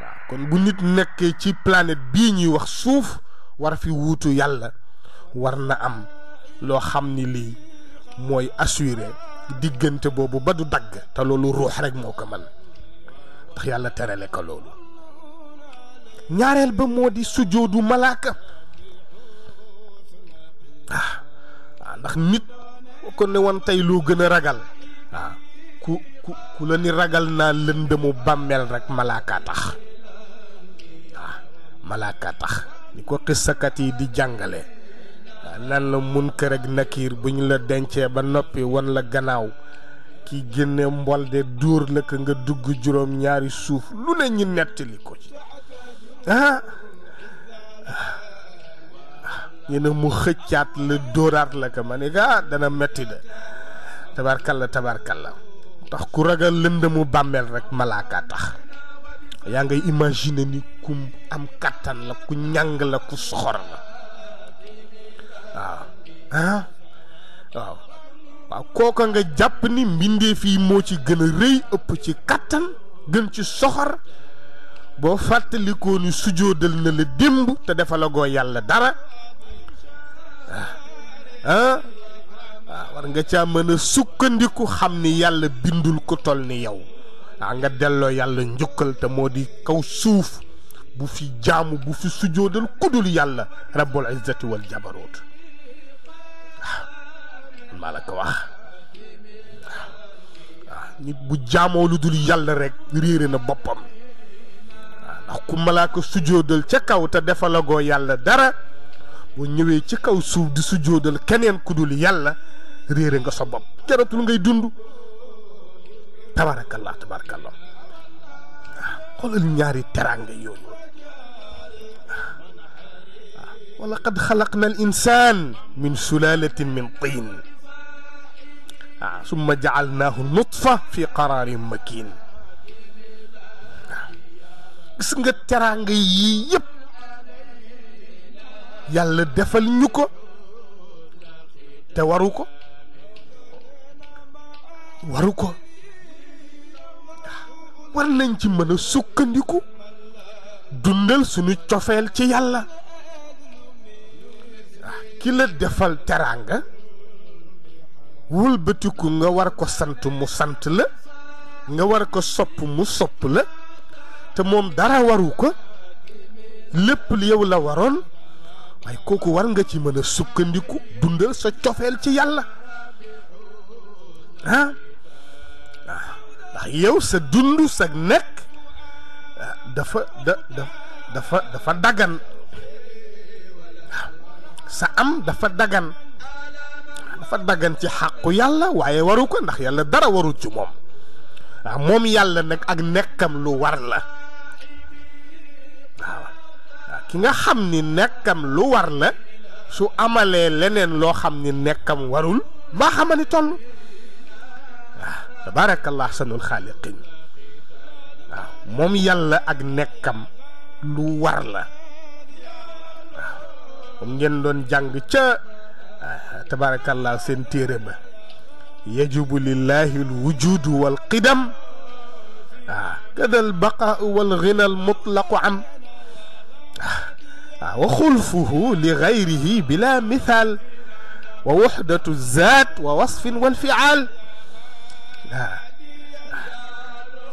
waaw kon bu nit nekkee ci planète bii ñuy wax suuf war fi wuutu yàlla war na am loo xam ni lii mooy assuré diggante boobu ba du dagg te loolu ruux rek moo ko mën ndax yàlla terale ko loolu ñaareel ba moo di sujoodu malaaka ah ndax nit ko ne woon tey loo gën a ragal waaw ku la ni ragal naa lëndëmu bàmmeel rek malaaka tax ah, malaaka tax ni ko xissakat yi di jàngale ah, nan la Munkar ak Nakiir bu ñu la dencee ba noppi wan la gannaaw ki génne mbolde dóor la ko nga dugg juróom ñaari suuf lu ne ñu nettali ko ci ah, ah mu xëccaat la dóoraat la ko ma ne ah dana metti la tabarkalla la ndax ku ragal lëndëmu bàmmeel rek malaaka tax yaa ngay imaginer ni ku am kàttan la ku ñàng la ku soxor la ah? waaw waaw kooka nga jàpp ni mbindeef yi moo ci gën rëy ëpp ci kàttan gën ci soxor boo fàttalikoo ni sujoodal na la démb te defalagoo yàlla dara ah, ah? waaw nga caa mën sukkandiku xam ni yàlla bindul ku toll ni yow waaw nga delloo yàlla njukkal te moo di kaw suuf bu fi jaamu bu fi sujoodal kudul yàlla rabbul wax nit bu jaamoo lu dul yàlla rek réere na boppam waaw ndax ku malaaka sujoodal ca kaw te defalagoo yàlla dara bu ñëwee ci kaw suuf di sujoodal keneen kudul yàlla réere nga sa bopp jaratul ngay dund tabarakallah tabarakallah waaw ñaari teranga yoy wala qad khalaqna al insan min sulalatin min tin waaw summa jacalnaahu nutfa fi qararin makin gis nga teranga yi yep yàlla defal ñuko te waruko waru ko war nañ ci mën a sukkandiku dundal suñu cofeel ci yàlla ah, ki la defal teraanga wëlbatiku nga war ko sant mu sant la nga war ko sopp mu sopp la te moom dara waru ko lépp li yow la waroon waaye kooku war nga ci mën a sukkandiku dundal sa cofeel ci yàlla ah? yow sa dund sa nekk ah, dafa da dafa dafa sa am dafa daggan dafa daggan ci xàqu yàlla waaye waru ko ndax yàlla dara waru ci moom waaw ah, moom yàlla nag ak nekkam lu war la waaw ah, ki nga xam ni nekkam lu war la su amalee leneen loo xam ni nekkam warul mbaa xama ni toll تبارك الله أحسن الخالقين آه، موم يالا اك نيكام لو وار لا آه، موم نين دون جانغ آه، تبارك الله سين تيرم يجب لله الوجود والقدم كذا البقاء والغنى المطلق عن وخلفه لغيره بلا مثال ووحدة الذات ووصف والفعال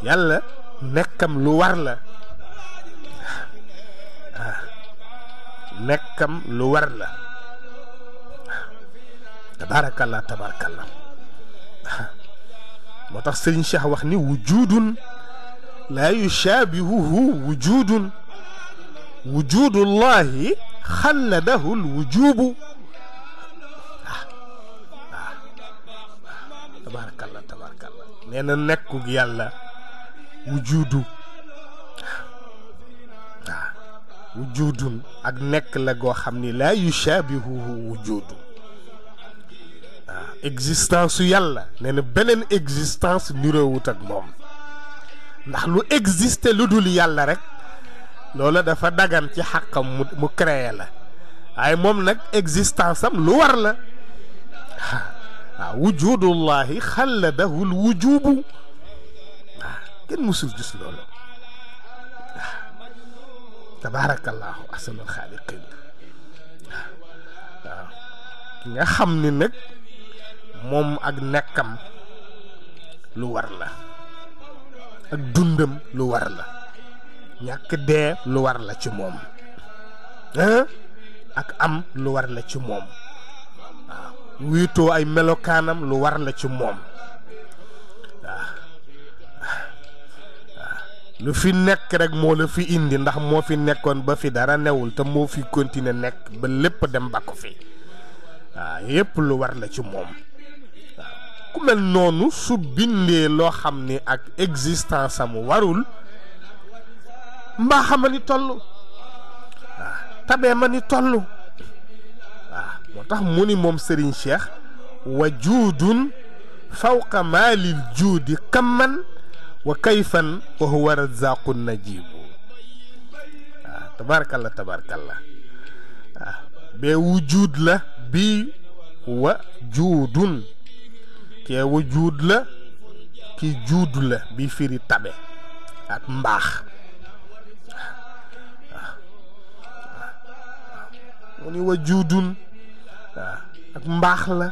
yàlla nekkam lu war la nekkam lu war la tabarakallah tabarakallah moo tax sëriñ cheikh wax ni wujudun laa yushaabihuhu wujudun wujudu llahi xalladahu lwujubu tabarakallah nee na nekkug yàlla wujuudu waaw wujuudun ak nekk la goo xam ni laa yushaabihuhu existence yàlla nee benen existence niroowut ak mom ndax lu existe ludul yàlla rek loola dafa dagan ci xàqam mu mu la ay mom nak existence am lu war la waaw ah, wujudullahi xalladahul wujubu waaw ah, kenn musul gis loolu waaw ah, tabaarakallahu ahsanul xaaliqin waaw ki nga xam ni nag moom ak nekkam lu war la ak dundam lu war la ñàkk dee lu war la ci moom ak am lu war la ci moom wiitoo ay melokaanam lu war la ci moom waaw lu fi nekk rek moo la fi indi ndax moo fi nekkoon ba fi dara newul te moo fi continuer nekk ba lépp dem bakku fi waaw yépp lu war la ci moom waaw ku mel noonu su bindee loo xam ni ak existence am warul mbaa xama ni toll waaw tabee ma ni toll tax mu ni moom Serigne Cheikh wa juudun fawqa maalil juudi kamman wa kayfan wa huwa razaqun najibu waaw tabaarakallah tabaarakallah waaw bee wujuud la bii wa juudun kee wa juud la ki juudu la bi firi tabe ak mbaax mu ni wa juudun waaw ak mbaax la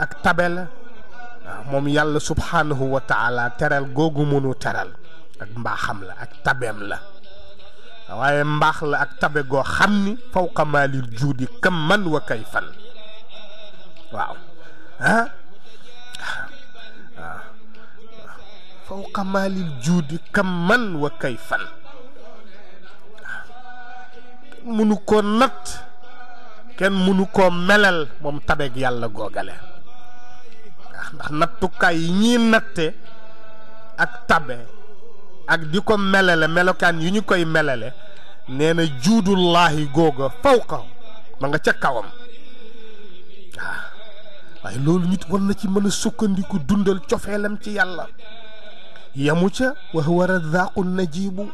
ak tabe la waaw moom yàlla subhanahu wa taala teral googu mënu teral ak mbaaxam la ak tabeem la waaye mbaax la ak tabe goo xam ni fawqa maalil juudi kam man wa kay fan waaw ah waaw fawqa maalil juudi kam man wa kay fan mënu ko natt kenn mënu koo melal moom tabeeg yàlla googale ndax nattukaay yi ñuy natte ak tabe ak di ko melale melokaan yu ñu koy melale nee na juudullaahi googa fawqa ma nga ca kawam waaw waaye loolu nit war na ci mën sukkandiku dundal cofeelam ci yàlla yamu ca wa huwa razaqu najibu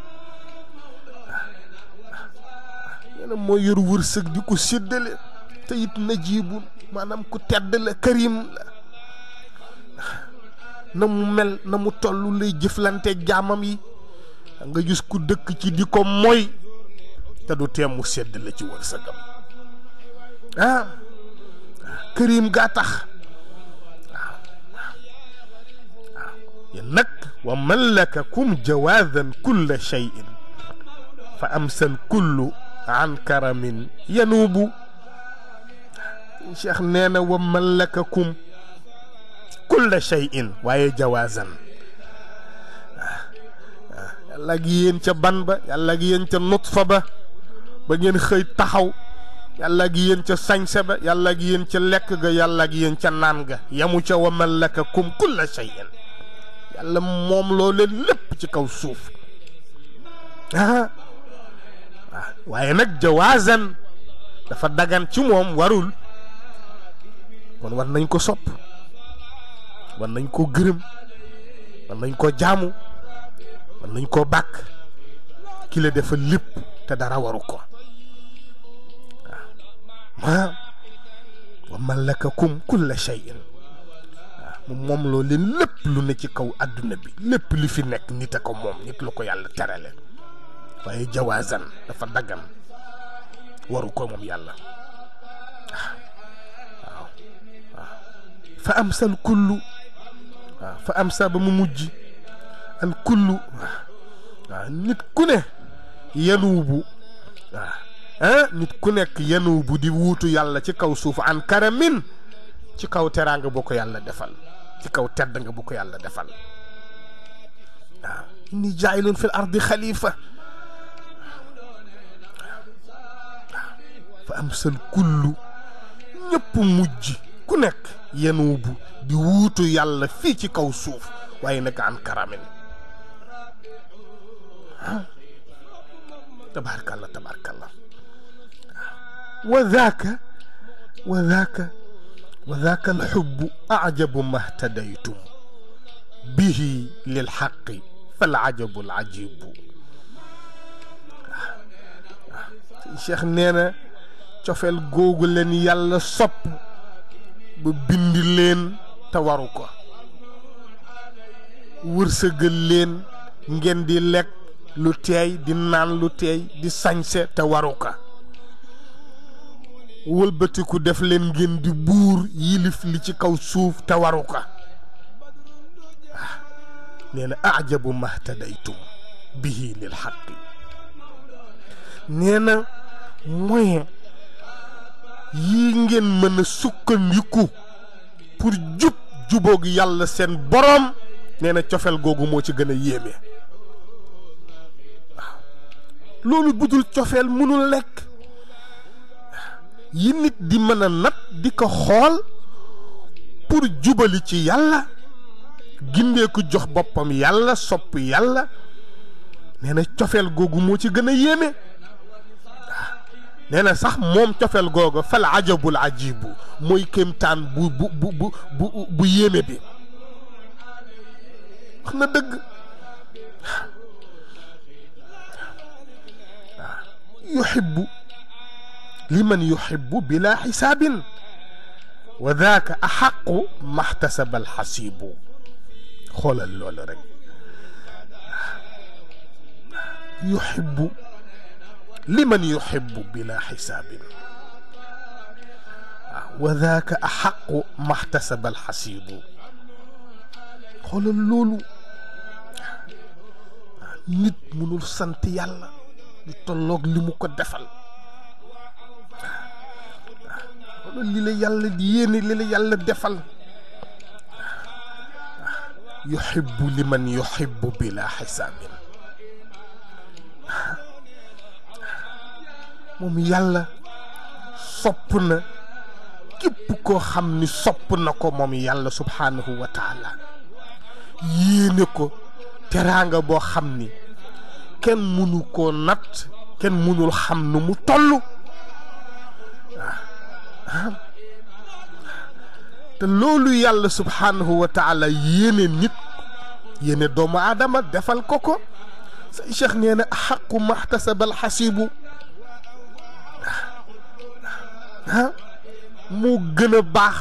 nee na moo yor wërsëg di ko séddale te it maanaam ku tedd la karim la na mu mel na mu toll lay jëflante jaamam yi nga gis ku dëkk ci di ko moy te du teem mu sedd la ci wërsëgam ah, kërim gaa tax waaw nag wa malakakum jawaadan kulla cheyin fa amsal kullu عن كرم ينوب شيخ نانا وملككم كل شيء واي جوازا يلا جيين تا بانبا يلا جيين تا نطفه با با نين خي تاخاو يلا جيين تا سانسه با يلا جيين تا ليك غا يلا جيين تا نانغا يمو تا وملككم كل شيء يلا موم لول لب تي كاو سوف ها آه. waaw waaye nag jawaazan dafa dagan ci moom warul kon war nañ ko sopp war nañ ko gërëm war nañ ko jaamu war nañ ko bàkk kilo la defal lépp te dara waru ko waaw wa malakakum kulla shay'in waaw moom loo leen lépp lu ne ci kaw àdduna bi lépp li fi nekk nit a ko moom nit lu ko yàlla terale waaye jawaasan dafa daggan waru ko moom yàlla waaw fa amsa al kullu waaw fa amsa ba mu mujj al kullu waaw nit ku ne yanuubu waaw nit ku nekk yanuubu di wuutu yàlla ci kaw suuf an karamin ci kaw teraanga bu ko yàlla defal ci kaw tedd nga bu ko yàlla defal waaw inni jaayilun fil ardi xalifa amsal kullu ñëpp mujj ku nekk yenuubu di wuutu yàlla fii ci kaw suuf waaye nag an karamin ah tabaarkalla tabaarkalla wa dhaaka wa dhaaka wa dhaaka alxubbu ajabu mahtadaytum bihi lilxaqi falajabu alajibu cheikh nee na cofeel googu leen yàlla sopp ba bind leen te waru ko wërsëgal leen ngeen di lekk lu teey di naan lu teey di sañse te waru ko wëlbatiku def leen ngeen di buur yilif li ci kaw suuf te waru ko ah, nee na ajabu mahtadaytum bihi lil xaqi nee na yi ngeen mën a sukkandiku pour jub jubóog yàlla seen boroom nee na cofeel googu moo ci gën a yéeme waaw loolu budul cofeel mënul lekk yi nit di mën a nat di ko xool pour jubali ci yàlla gindeeku jox boppam yàlla sopp yàlla nee na cofeel googu moo ci gën a yéeme nee na sax moom cofeel googa fal ajabul ajibu mooy kéemtaan bu bu bu bu bu yéeme bi wax na dëgg yuhibbu liman yuhibbu bila xisaabin wa daaka axaqu maxtasaba alxasibu xoolal loolu rek yuhibbu لمن يحب بلا حساب آه، وذاك أحق ما احتسب الحسيب قال اللولو آه، نت منول سنت يالا نتلوك لمكو دفل آه، للي يالا ديني للي يالا دفل يحب لمن يحب بلا حساب moom yàlla sopp na képp koo xam ni sopp na ko moom yàlla subhaanahu wa taala yéene ko teraanga boo xam ni kenn mënu koo natt kenn mënul xam nu mu toll waaw te loolu yàlla subhaanahu wa taala yéene nit yéene doomu aadama defal ko ko say cheikh nee na xaqu maxtasabal xasibu ah moo gën a baax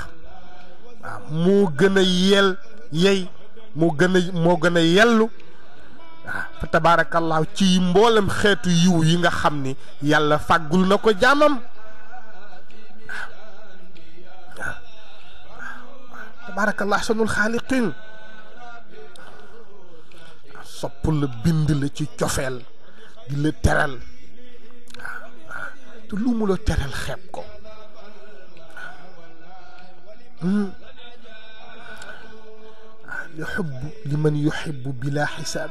waaw moo gën a yel yey moo gën a moo gën a yellu waaw fa tabaarakallaahu ci mboolem xeetu yiw yi nga xam ni yàlla fàggul na ko jaamam waaw waaw tabaarakallaahu ahsanul sopp la bind la ci cofeel di la teral waaw te lu mu la teral xeeb ko يحب لمن يحب بلا حساب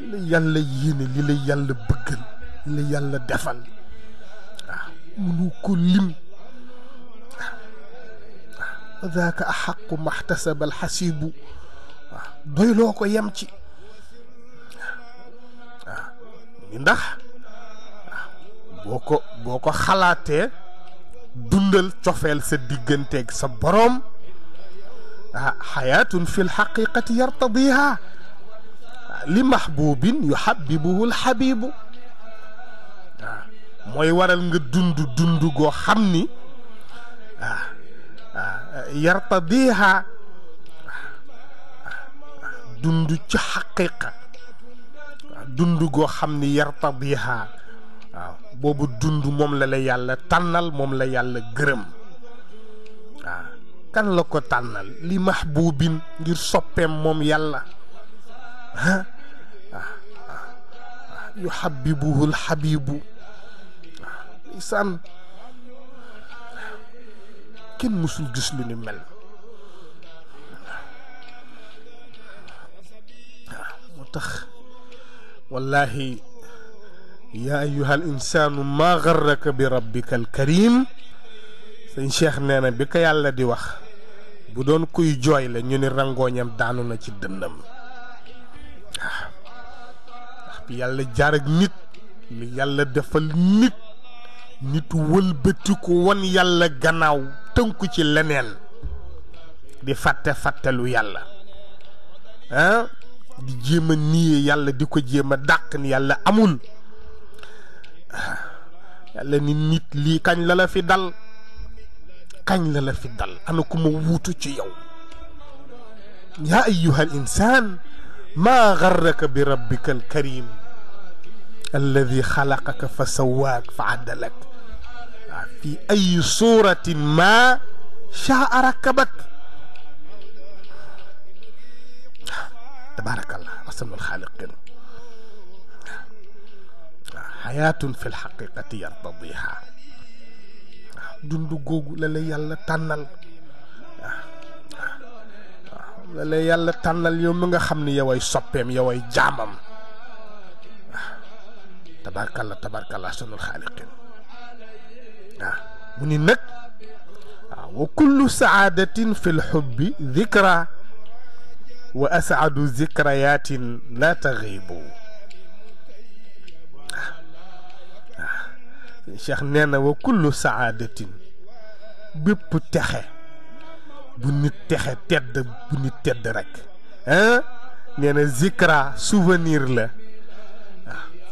لي يلا يين لي يلا بغل لي يلا دفل منو كلم ذاك احق ما احتسب الحسيب ديلوكو يمشي ندخ بوكو بوكو خلاتي dundal cofeel sa digganteeg sa boroom ah xayaatun fi lxaqiqati yartadiha li mahbubin yuhabibuhu lxabibu mooy waral nga dund dund goo xam ni yartadiha dund ci xaqiqa dund goo xam ni yartadiha boobu dund moom la la yàlla tànnal moom la yàlla gërëm kan la ko tànnal li mahbuubin ngir soppeem moom yàlla ah waaw ah, ah. yu xabibuhul xabibu waaw ah, isaan kenn mësul gis lu ni mel waaw tax wallaahi yaa ayyuhal insaanu maa garraka bi rabbika alkarim sëñ Cheikh nee na bi ko yàlla di wax bu doon kuy jooy la ñu ni rangooñam daanu na ci dëndam yàlla jaar ak nit li yàlla defal nit nit wëlbatiku won yàlla gannaaw tënku ci leneen di fàtte fàttelu yàlla ah di jéem a yàlla di ko jéem a dàq ni yàlla amul yàlla ni nit lii kañ la la fi dal kañ la la fi dal ana ku ma wuutu ci yow yaa ayuha al insaan maa garraka bi rabbika al karim alladi xalaqaka fa sawaak fa addalak waaw fi ay suratin ma shaa rakkabak tabaarakallah ahsanul xaaliqin حياة في الحقيقة يرتضيها دندو جوجو للا يالا تانال للا يالا تانال يوم نغا خمني يوي سوبيم يوي جامم تبارك الله تبارك الله سن الخالقين مني نك وكل سعادة في الحب ذكرى وأسعد ذكريات لا تغيبوا cheikh nee na wa kullu saadatin bépp texe bu nit texe tedd bu nit tedd rekk ah nee zikra souvenir la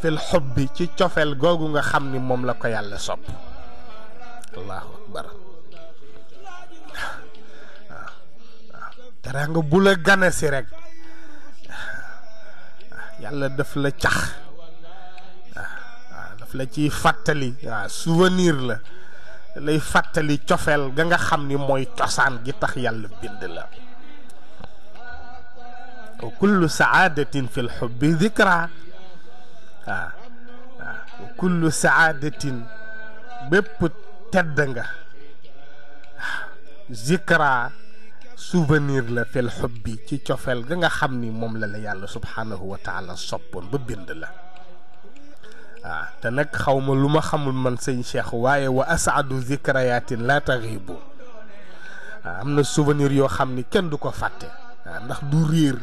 waaw xob bi ci cofeel googu nga xam ni moom la ko yàlla sopp allahu akbar dara nga bu la gane si yàlla daf la cax daf la ciy fàttali waaw souvenir la lay fàttali cofeel ga nga xam ni mooy cosaan gi tax yàlla bind la wa kullu saadatin fi lxubbi dikra waaw waaw wa kullu saadatin bépp tedd nga zikra souvenir la fil xub bi ci cofeel ga nga xam ni moom la la yàlla subhaanahu wa taala soppoon ba bind la waaw te nag xaw ma xamul man sëñ Cheikh waye wa as'adu zikrayaatin la taghibu amna souvenir yo xamni ni kenn du fàtte ndax du rir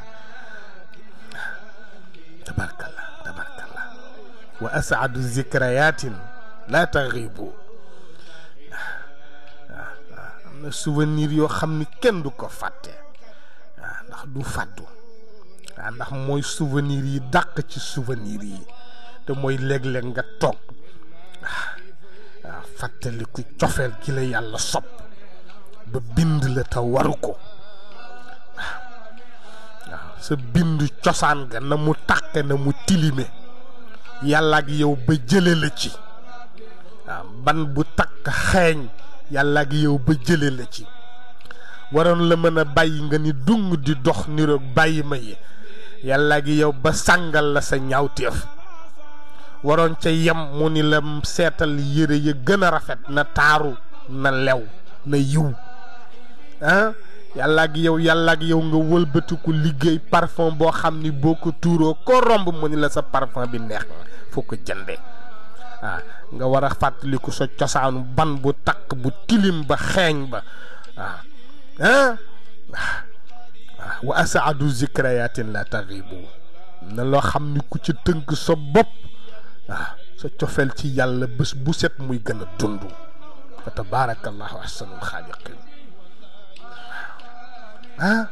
tabarakallah tabarakallah wa as'adu zikrayaatin la taghibu amna souvenir yo xamni ni kenn du fàtte ndax du fatu ndax moy souvenir yi dak ci souvenir yi te moy leg leg nga ah, fatali ku cofeel gi la yalla sop ba bind la ta waruko ah, sa ga na mu tàqe na tilime yalla gi yow ba jele la ci ah, ban bu tak xegn yalla gi yow ba jele la ci waron la meuna bayyi nga ni dung di dox ni rek ma yi yalla yo yow ba sangal la sa ñaawteef waroon ca yem mu ni la seetal yére ya gën a rafet na taaru na lew na yiw ah yàlla ak yow yàlla yow nga wëlbatiku liggéey parfum boo xam ni boo ko tuuroo koo romb mu ni la sa parfum bi neex na foo ko jëndee ah, nga war a fàttaliku sa cosaanu ban bu takk bu tilim ba xeeñ ba waaw ah, ah, wa asaadu zikrayaatin la taxibu na loo xam ni ku ci tënk sa bopp waaw sa cofeel ci yàlla bés bu set muy gën a dund fa tabaarakallahu ahsanul xaaliqin ah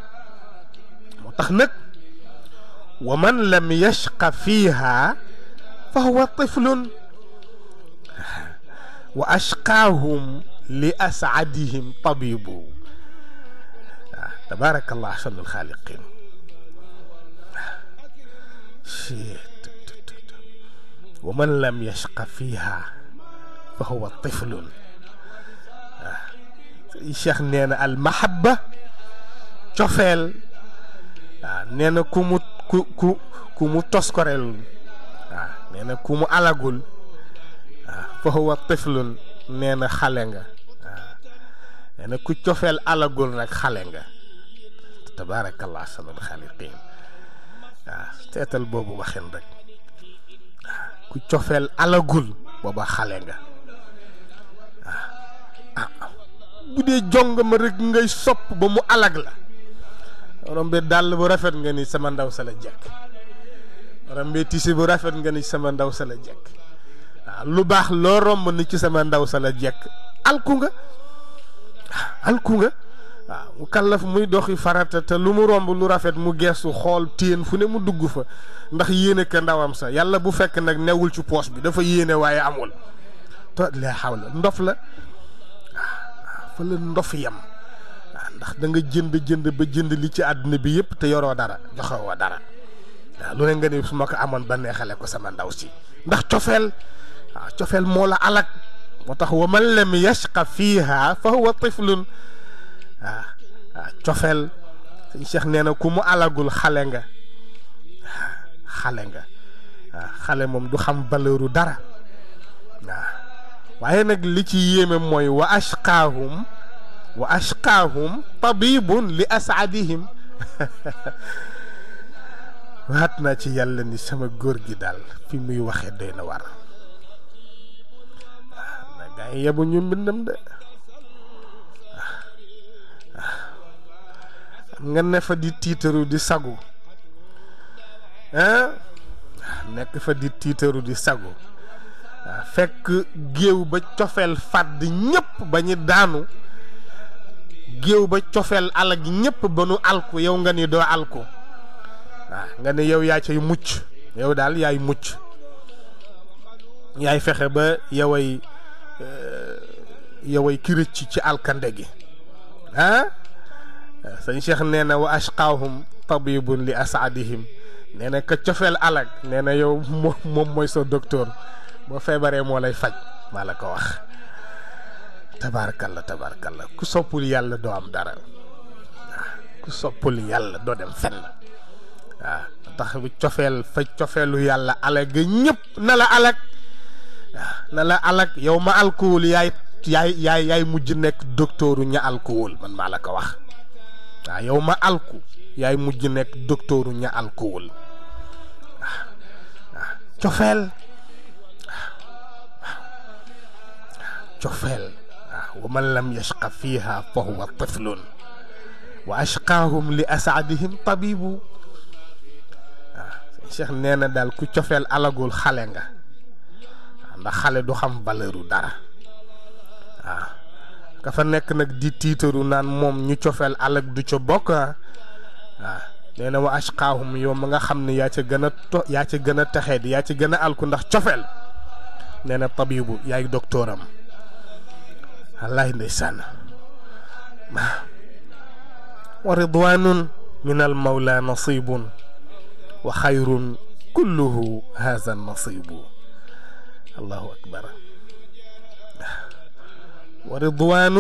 moo tax nag wa man lam yashqa fiiha fa huwa tiflun wa ashqaahum li asaadihim tabibu waaw tabaarakallahu ahsanul xaaliqin ومن لم يشق فيها فهو طفل الشيخ آه. نينا المحبة تفل آه. نينا كومو كو كومو تسكرل نينا كومو ألاقول آه. فهو طفل نينا خالنغا نينا كو تفل ألاقول رك خالنغا تبارك الله سلام الخالقين تيتل بوبو وخين رك ku cofeel alagul booba xale nga ah. Ah. bu dee jong ma rekk ngay sopp ba mu alag la rombe dàll bu rafet nga ni sama ndaw sa la jekk rombe tisi bu rafet nga ni sama ndaw sa la jekk waaw ah, lu baax loo romb ni ci sama ndaw sa la jekk alku nga alku nga waaw mu kallaf muy doxi farata te lu mu romb lu rafet mu geesu xool téen fu ne mu dugg fa ndax yéene ka ndawam sa yàlla bu fekk nag newul ci poos bi dafa yéene waaye amul te la xaw la ndof la ah, fa la ndof yam ah, ndax da nga jënd jënd ba jënd li ci àdduna bi yëpp te yoroo dara joxewoo dara waaw lu ne nga ne su ma ko amoon ba neexale ko sama ndaw si ndax cofeel waaw cofeel moo la alak moo tax wa man lam yashqa fiiha fa huwa tiflun waaw ah, ah, cofeel sëñ Cheikh nee na ku mu alagul xale nga ah, xale nga xale moom du xam baleeru dara waaw waaye nag li ci yéeme mooy wa ashqaahum wa ashqaahum tabibun li asaadihim waat naa ci yàlla ni sama góor gi daal fi muy waxee doy na war waaw yebu ñu mbindam de nga ne fa di tiitaru di sagu nekk fa di tiitaru di sagu ah, fekk géew ba cofeel fàdd ñépp ba ñu daanu géew ba cofeel alag ñépp ba nu alku yow nga ni doo alku waaw ah, nga ne yow yaa cay mucc yow daal yaay mucc yaay fexe ba yoway eh, yoway ki ci alkande gi sëñ Cheikh nee na wa ashqaahum tabibun li asaadihim nee na cofeel alag nee na yow moom mooy sa docteur boo feebaree moo lay faj maa la ko wax la tabaarkalla la ku soppul yàlla doo am dara waaw ku soppul yàlla doo dem fenn waaw tax cofeel fa cofeelu yàlla alag ga ñëpp na la alag waaw na la alag yow ma alkool yaay yaay yaay yaay mujj nekk docteuru ña alkool man maa la ko wax waaw yow ma alku yaay mujj nekk doktooru ña alkuwul waaw cofeel cofeel waaw wa man lam yashqa fiha fa huwa wa ashqaahum li asaadihim tabibu waaw cheikh nee na daal ku cofeel alagul xale nga ndax xale du xam valeuru dara waaw dafa nek nak di titeru nan mom ñu ciofel alak du ci bok ah waaw wa ashqahum yow ma nga xamni ya ci gëna ya ci gëna yaa ya ci gëna alku ndax ciofel neena tabibu yaay doktoram am wallahi ndeysaan waaw wa ridwanun min al mawla nasibun wa khayrun كله هذا النصيب الله أكبر ورضوان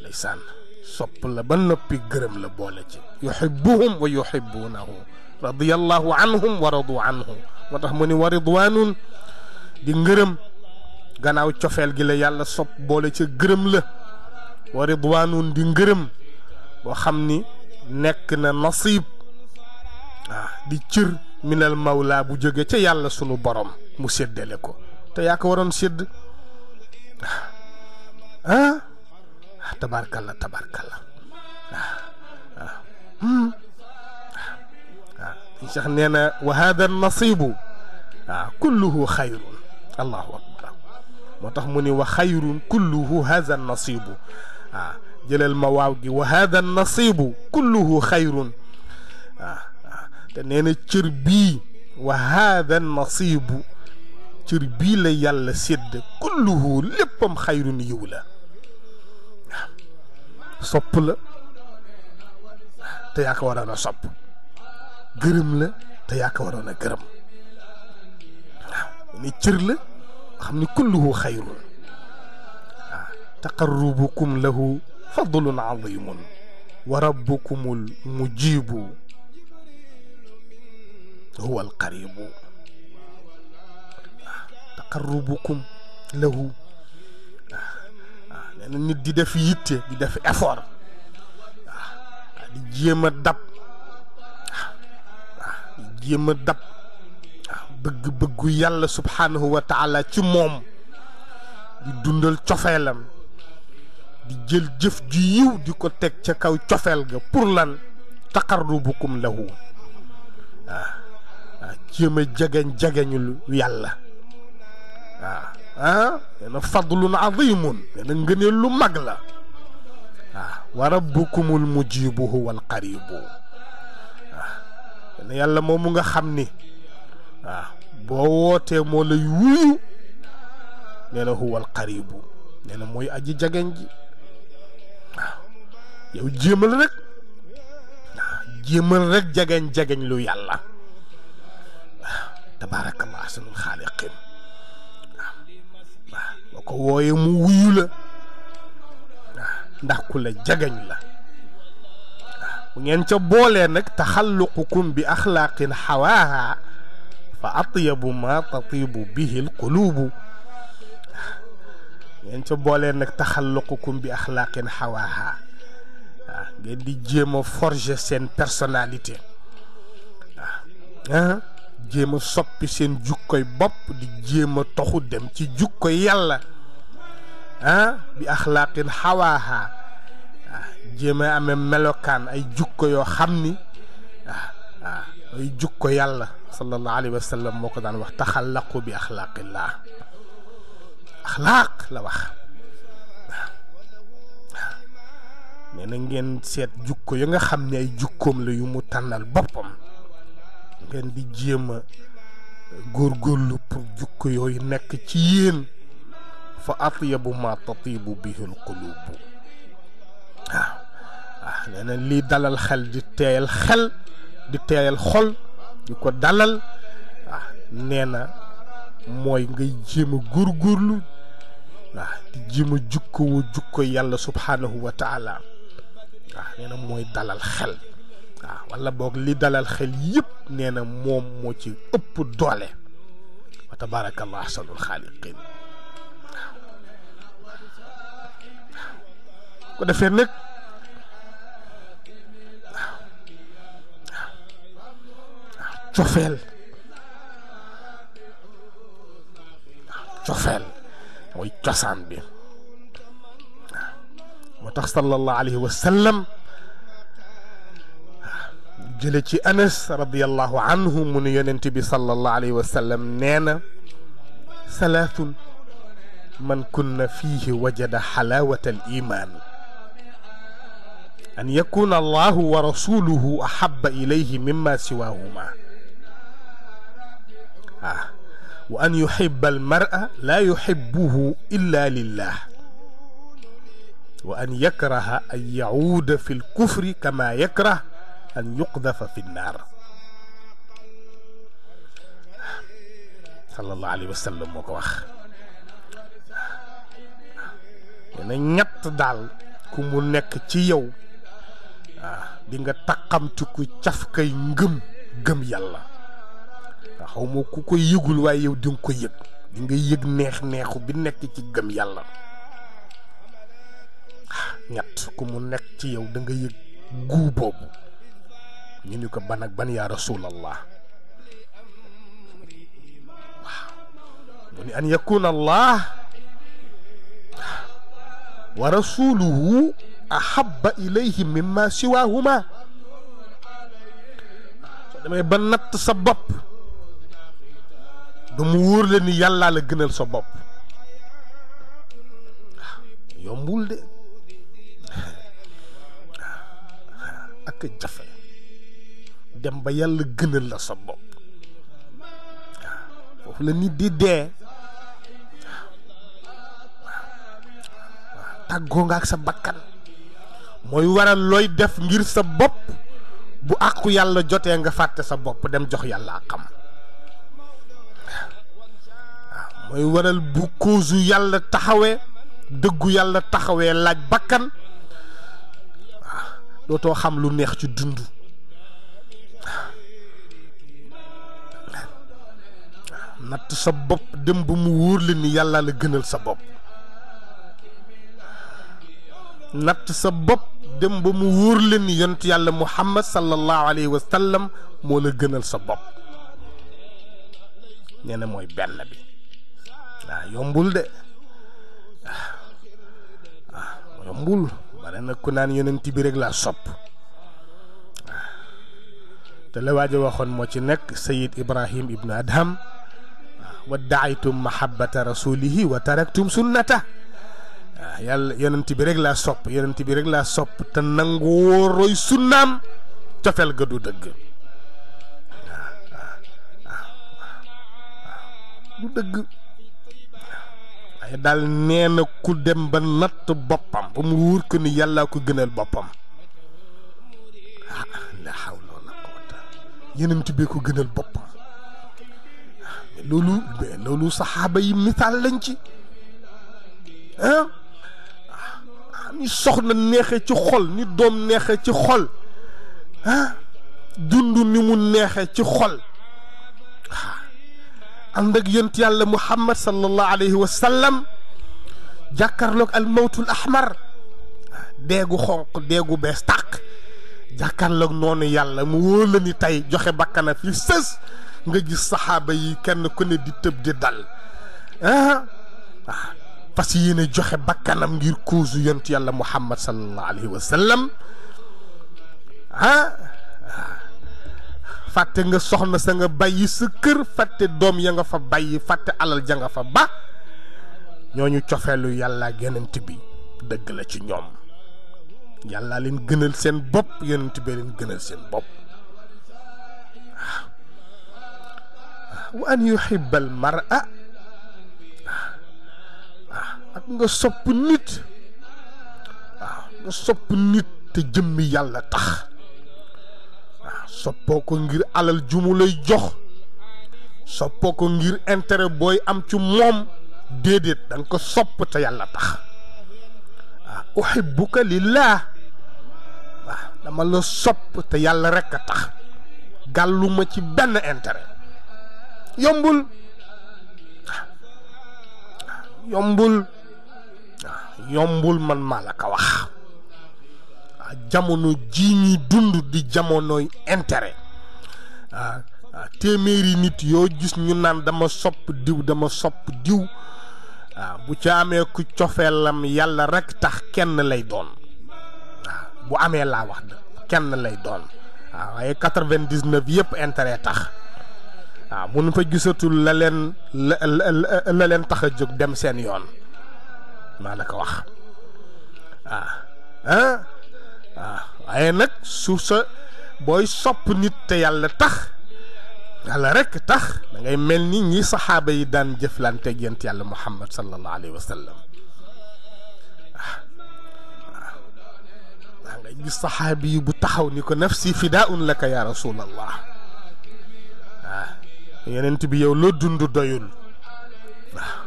ndeysaan sopp la ba noppi gërëm la boole ci yuhibbuhum wa yuhibbunahu radiyallahu anhum wa radu anhu moo tax mu ni wa ridwanun di ngërëm gannaaw cofeel gi la yàlla sopp boole ca gërëm la wa ridwanun di ngërëm boo xam ni nekk na nasib ah di cër minal mawla bu jóge ca yàlla sunu borom mu séddale ko te yaa ko waroon sédd ah tabarkalla tabarkalla waaw waaw Cheikh nee na wa hada nasibu waaw kulluhu xayrun allahu akbar moo tax mu ni wa xayrun kulluhu hada nasibu waaw jëlal ma waaw gi wa hada nasibu kulluhu xayrun waaw waaw te nee na cër bii wa hada nasibu cër bi la yàlla sédd kulluhu léppam khayrun yiw la sopp la te yaa warona waroon a sopp gërëm la te yaa warona geureum ni cër la xamni kulluhu khayrun taqarrubukum lahu fadlun azimun wa rabbukumul mujibu هو القريب taqarrubukum lahu waaw ah, ah, nee na nit di def yitte di def effort waaw ah, di jéem dab waaw bëgg-bëggu yàlla subhaanahu wa ci moom di dundal cofeelam di jël jëf ju yiw di ko teg ca kaw cofeel ga pour lan taqarrubukum lahu waaw waaw jéem a jagañ jagañul yàlla ah yàlla fadlun azimun yàlla ngëneel lu mag la ah wa rabbukumul mujibu huwal qaribu ah yàlla moom mu nga xam ni ah boo wootee moo lay wuyu nee na huwal qaribu nee na mooy aji jageñ ji waaw yow jéemal rek jéemal rek jageñ jageñ lu yàlla waaw tabaaraka ma ahsanul xaaliqin ko wooye mu wuyu la ndax ku la jagañ la bu ngeen ca boolee bi axlaaqin xawaaha ma tatibu bihi alqulubu ngeen ca boolee nag taxalluqukum bi axlaaqin xawaaha ngeen di jéem a forger seen personnalité ah jéem a soppi seen jukkoy bopp di jéem a toxu dem ci jukkoy yàlla ah bi axlaaqin ah, jéem a melokaan ay jukko yoo xam ni ah, ah ay jukko yàlla sallallahu alayhi wa sallam moo ko daan wax taxallaqu bi axlaaqillah axlaaq la wax nee ah. na ngeen seet jukko ya nga xam ne ay jukkoom la yu mu tànnal boppam ngeen di jéem a góorgóorlu pour jukko yooyu nekk ci yéen fa atyabu ma tatibu bihil qulub waaw waaw nee na dalal xel di teeyal xel di teeyal xol di ko dalal waaw nee na mooy ngay jéem a góorgóorlu waaw di jéem jukko woo jukko yàlla subhaanahu wa taala waaw nee mooy dalal xel wala bok li dalal xel yep neena mom mo ci upp doole wa tabarakallah ahsanul khaliqin ko defé nag tofel tofel moy waaw cofeel mooy cosaan bi waaw sallallahu alayhi wa sallam جل أنس رضي الله عنه من ينتبه صلى الله عليه وسلم نانا ثلاث من كن فيه وجد حلاوة الإيمان أن يكون الله ورسوله أحب إليه مما سواهما آه. وأن يحب المرأة لا يحبه إلا لله وأن يكره أن يعود في الكفر كما يكره an yuqdafa fi nnaar sallallahu alayhi moo ko wax waaw na ñett daal ku mu nekk ci yow waaw ah, di nga taqamtiku caf kay ngëm gëm yàlla waaw ah, xaw ma ku ko yëgul waaye yow di nga ko yëg di yëg neex neexu bi nekk ci gëm yàlla ah, ñett ku mu nekk ci yow da nga yëg guu boobu ñu ni ko ban ak ban yaa rasulallah waaw mu ni an yakuna allah wa rasuluhu ahaba ilayhi mimma siwahuma soo demee ba natt sa bopp du mu wóor la ni yàllaa la gënal sa bopp waaw yombul de ak jafe dem ba yàlla gënal la sa bopp foofu la nit di dee tàggoo nga ak sa bakkan mooy waral looy def ngir sa bopp bu àqu yàlla jotee nga fàtte sa bopp dem jox yàlla xam mooy waral bu cause yàlla taxawee dëggu yàlla taxawee laaj bakkan waaw dootoo xam lu neex ci dund natt sa bopp dem ba mu wóor ni yàlla la gënal sa bopp natt sa bopp dem ba mu wóor la ni yonent yàlla muhammad sallallahu alayhi wa sallam moo gënal sa bopp nee na mooy benn bi waaw ah, yombul de waaw ah, yombul bare na ku naan yonent bi rek laa sopp ah, te la waaja waxoon moo ci nekk sayid ibrahim ibnu adham wa daaytum mahabbata rasulihi sunnata waaw ah, yàlla bi rek laa sopp yonent bi rek laa sopp te nangu woo roy sunnaam cofel ga du dëgg ah, ah, du dëgg daal nee ku dem ba natt boppam ba mu wóor ko ni yàllaa ko gënal boppam ah la xaw ko yonent bee ko gënal boppam loolu loolu saxaaba yi misaal lañ ci ah ni soxna neexe ci xol ni doom neexe ci xol ah dund ni mu neexee ci xol ah, ànd ak yent yàlla muhammad sallallahu alayhi wa sallam jàkkarloog al mawtul ahmar ah, deegu xonq deegu bees tàq jàkkarloog noonu yàlla mu wóor la joxe bakkana fi sës nga gis saxaaba yi kenn ku ne di tëb di dal ah waaw ah. fas yéene joxe bakkanam ngir cause yont yàlla muhammad sallallahu alayhi wa sallam ah. ah fàtte nga soxna sa nga bàyyi sa kër fàtte doom ya nga fa bàyyi fàtte alal ja nga fa ba ñoo ñu cofeelu yàlla yonent bi dëgg la ci ñoom yàlla leen gënal seen bopp yonent bi leen gënal seen bopp wa an yuhibba al mar'a ak nga sopp nit waaw nga sopp nit te jëmmi yàlla tax waaw soppoo ko ngir alal ju lay jox soppoo ko ngir intérêt booy am ci moom déedéet danga ko sopp te yàlla tax waaw uhibbuka lillah waaw dama la sopp te yàlla rekk a tax gàlluma ci benn intérêt yombul yombul yombul man maa la ko wax jamono ji ñuy dund di jamonoy intérêt téeméeri nit yoo gis ñu naan dama sopp diw dama sopp diw bu ca amee ku cofeelam yàlla rekk tax kenn lay doon bu amee laa wax da kenn lay doon waaye quatre-vingt-dix-neuf yëpp intérêt tax waaw fa gisatul la leen la la leen dem seen yoon maa la ko wax ah waaw waaye su sa booy sopp nit te yàlla tax yàlla rekk tax da ngay mel ni ñi yi daan jëflanteeg yent yàlla muhammad sallallahu alayhi wa sallam waaw gis sahabi bu taxaw ni ko nafsi fidaun laka ya rasulallah yonent bi yow loo dund doyul waaw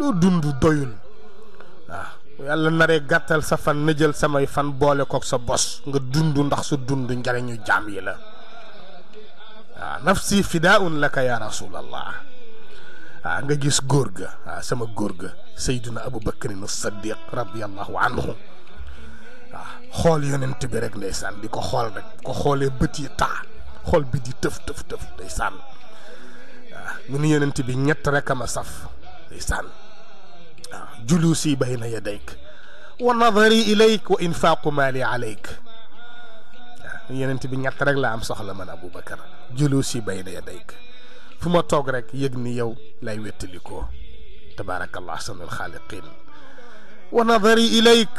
loo dund doyul waaw yàlla naree gàttal sa fan na jël samay fan boole kook sa bos nga dund ndax su dund njariñu jaam yi la waaw nafsi fidaun laka ya rasulallah ah nga gis góor ga ah sama góor ga sayduna abu bakrin as-siddiq radiallahu anhu ah xool yonent bi rek ndeysaan di ko xool rek ko xoolee bët yi taa xool bi di tëf tëf tëf sànn ñu ne yonent bi ñett rek a ma saf ndeysaan waaw julusi bayna yadayk wa nadari ilayk wa infaqu mali alayk waaw yonent bi ñett rek laa am soxla man aboubacar julusi bayna yadayk fu ma toog rek yëg ni yow lay wettalikoo tabarakallah ahsanul xaaliqin wa nadari ilayk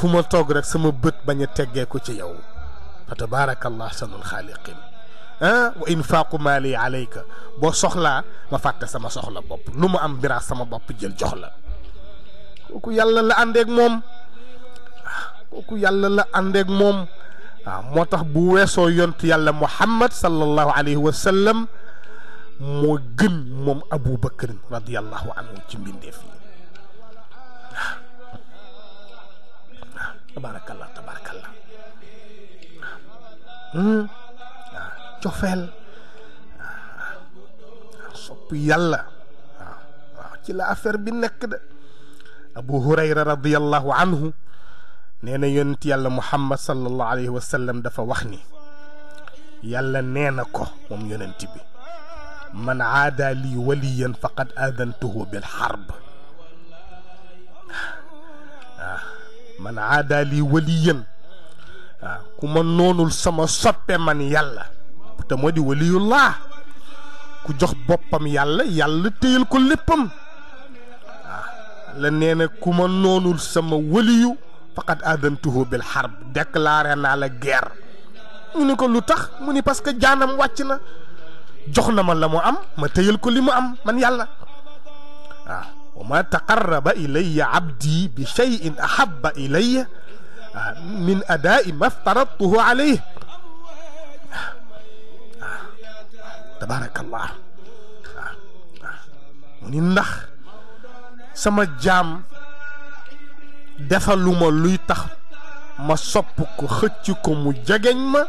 fu ma toog rek sama bët bañ a teggee ko ci yow fa tabarakallah ahsanul xaaliqin wa infaqu maali alayka boo soxlaa ma fàtte sama soxla bopp lu mu am biraas sama bopp jël jox la kooku yàlla la àndeek moom kooku yàlla la àndeek moom waaw moo tax bu weesoo yont yàlla muhammad sallallahu alayhi wa sallam moo gën moom abu bakrin radiallahu anhu ci mbindeef yi hmm? cofeel sopp yàlla waaw ci la affaire bi nekk de abu hurayra radiallahu anhu nee na yonent yàlla muhammad sallallahu alayhi wa sallam dafa wax ni yàlla nee na ko moom yonent bi man aada lii waliyan faqad aadantuhu bil xarb waaw man aada lii waliyan waaw ku ma noonul sama soppe man yàlla topp te moo di waliyullah ku jox boppam yàlla yàlla téyal ko léppam waaw la nee na ku ma noonul sama waliyu faqat adantuhu bil harb déclaré naa la guerre mu ni ko lu tax mu ni parce que jaanam wàcc na jox na ma la mu am ma téyal ko li mu am man yàlla waaw wa ma taqarraba ilayya abdi bi cheyin ahaba ilayya min adaa'i ma aftaradtuhu alayh tabaarakallah waaw waaw mu ni ndax sama jaam defaluma luy tax ma sopp ko xëcc ko mu jegeñ ma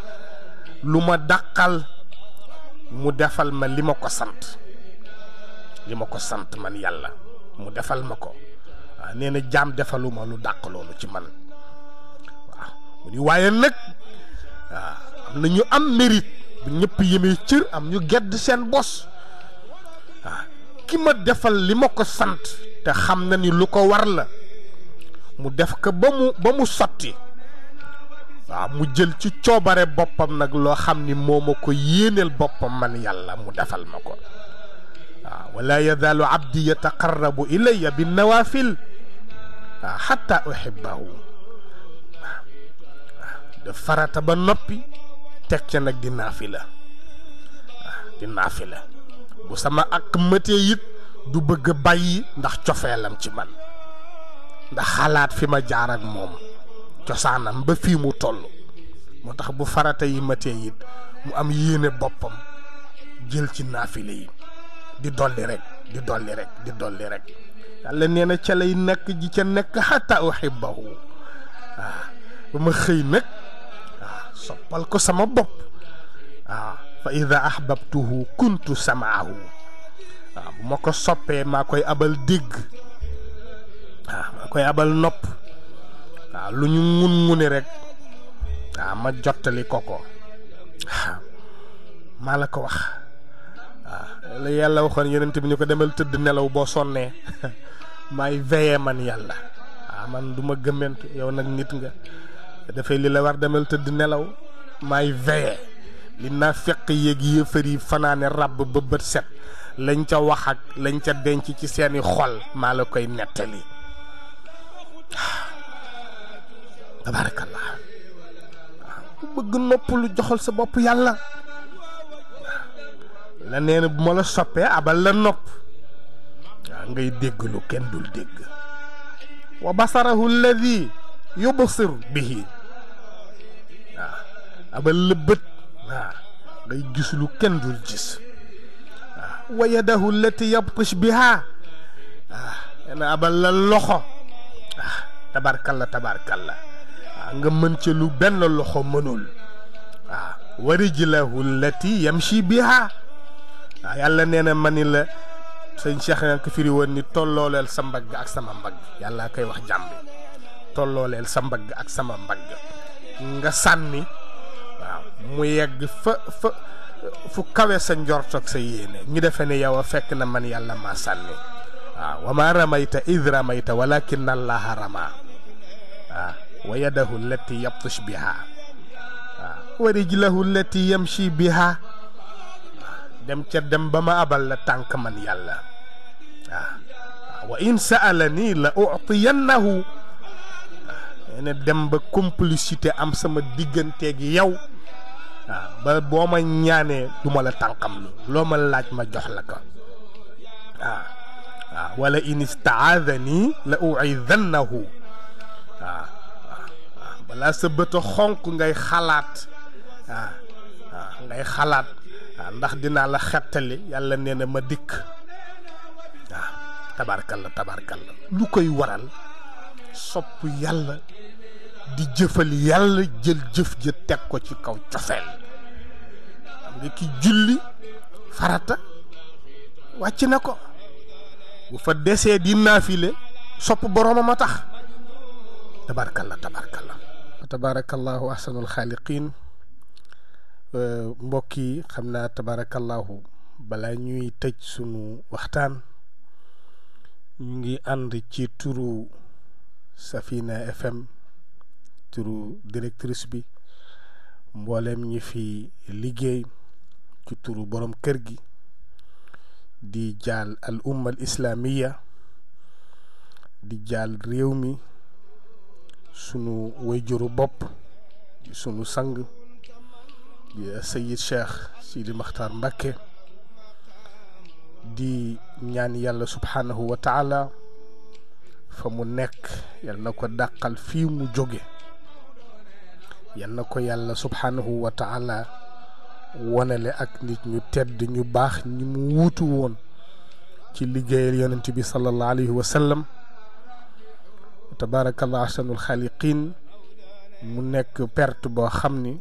lu ma dàqal mu defal ma li ma ko sant li ma ko sant man yàlla mu defal ma ko waaw nee na jaam defaluma lu dàq loolu ci man waaw mu ni waaye nag waaw am na ñu am mérite bu ñëpp yemee cër am ñu gedd seen bos ah, ki ma defal li ma ko sant te xam na ni lu ko war la mu def ko ba mu ba mu sotti waaw ah, mu jël ci coobare boppam nag loo xam ni moo ma ko yéeneel boppam man yàlla mu defal ma ko waaw ah, wala yazaalu abdi yataqarrabu ilayya bi nawaafil waaw xatta uhibbahu waaw def farata ba noppi teg ca nag di naafila ah, di naafila bu sama ak mëtee it du bëgg a bàyyi ndax cofeelam ci man ndax xalaat fi ma jaar ak moom cosaanam ba fii mu toll moo tax bu farata yi mëtee it mu am yéene boppam jël ci naafila yi di dolli rekk di dolli rek di dolli rek yàlla nee na ca nekk ji ca nekk xataa uhibbahu waaw ah, ba ma xëy nag soppal ko sama bopp waaw ah, fa ida ahbabtuhu kuntu samaahu waaw ah, bu ma ko soppee maa koy abal dégg waaw ah, maa koy abal nopp waaw lu ñu mun muni rek waaw ma jottali ko ko maa la ko wax waaw la yàlla waxoon yonent bi ñu ko demal tëdd nelaw boo sonnee maay veillé man yàlla waaw man du ma gëmmentu yow nag nit nga dafay li la war demal tëdd nelaw may veye li naa feq yéeg yëfër yi fanaane ràbb ba bët set lañ ca wax ak lañ ca denc ci seeni xol maa la koy nettali tabaarakallah ku bëgg nopp lu joxal sa bopp yàlla la nee bu ma la soppee abal la nopp waaw ngay dégg lu kenn dul dégg wa basarahu alladi yubsir bihi waaw abal lëbët waaw ngay gis lu kenn dul gis waaw wa yadahu lati yabtish biha waaw yena abal la loxo waaw tabarkalla tabarkalla waaw nga mën ci lu benn loxo mënul waaw wa rijlahu lati yamshi biha waaw yàlla nee na mani la sëñ Cheikh nga ko firi woon ni tollooleel sa mbagg ak sama mbagg yàlla koy wax jàmbi tollooleel sa mbag ak sama mbag nga sànni mu yegg fa fa fu kawe sa njort ak sa yéné ñu défé ne yow fekk na man yàlla ma sànni wa ma ramayta id ramayta walakin allah rama wa yadahu allati yabtush biha wa rijlahu allati yamshi biha dem ci dem ba ma abal la tànk man yàlla wa in sa'alani la u'tiyannahu ne dem ba complicité am sama diggante gi yow waaw ah, ba boo ma ñaanee du ma la tànqam lu loo ma laaj ma jox la ko waaw ah, ah, waaw wala in ni la uidannahu waaw waaw balaa sa bët xonq ngay xalaat waaw waaw ngay xalaat waaw ndax dinaa la xettali yàlla nee na ma dikk waaw tabarkal la tabarkal la lu koy waral sopp yàlla di jëfal yàlla jël jëf ja teg ko ci kaw cofeel nga ki julli farata wàcc na ko bu fa desee di naafile sopp boroomam a tax tabarkalla tabarkalla tabarakallahu ahsanul xaaliqin mbokk yi xam naa tabarakallahu balaa ñuy tëj sunu waxtaan ñu ngi ànd ci turu Safina FM turu directrice bi mboolem ñi fi liggéey ci turu borom kër gi di jaal al umma al islamiya di jaal réew mi sunu wayjuru bopp sunu sang di sayid cheikh sidi maxtaar mbakke di ñaan yàlla subhanahu wa taala fa mu nekk yal na ko dàqal fii mu jóge yal na ko yàlla subhanahu wa taala wonale ak nit ñu tedd ñu baax ñi mu wuutu woon ci liggéeyal yonent bi sallallahu alayhi wa sallam tabaarakallah ahsanul xaaliqin mu nekk perte boo xam ni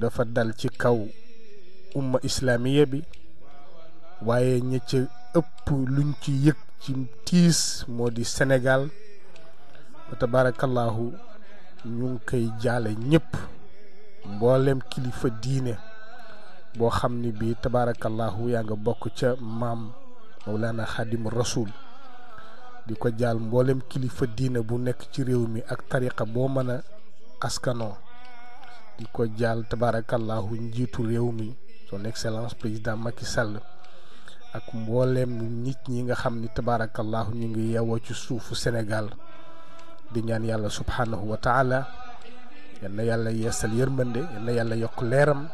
dafa dal ci kaw umma islaamiya bi waaye ña ca ëpp luñ ci yëg ci tiis moo di Sénégal wa ñu ngi koy jaale ñépp mboolem kilifa diine boo xam ni bii tabaarakallaahu yaa nga bokk ca maam Mawlana Xadim Rasoul di ko jaal mbooleem kilifa diine bu nekk ci réew mi ak tariqa boo mën a askanoo di ko jaal tabaarakallaahu njiitu réew mi son excellence président Macky Sall ak mbollem nit ñi nga xamni tabarakallah ni ngi yeewoo ci suufu Sénégal di ñaan yàlla subhanahu wa taala yalla yàlla yeesal yërmande yalla yàlla yok leeram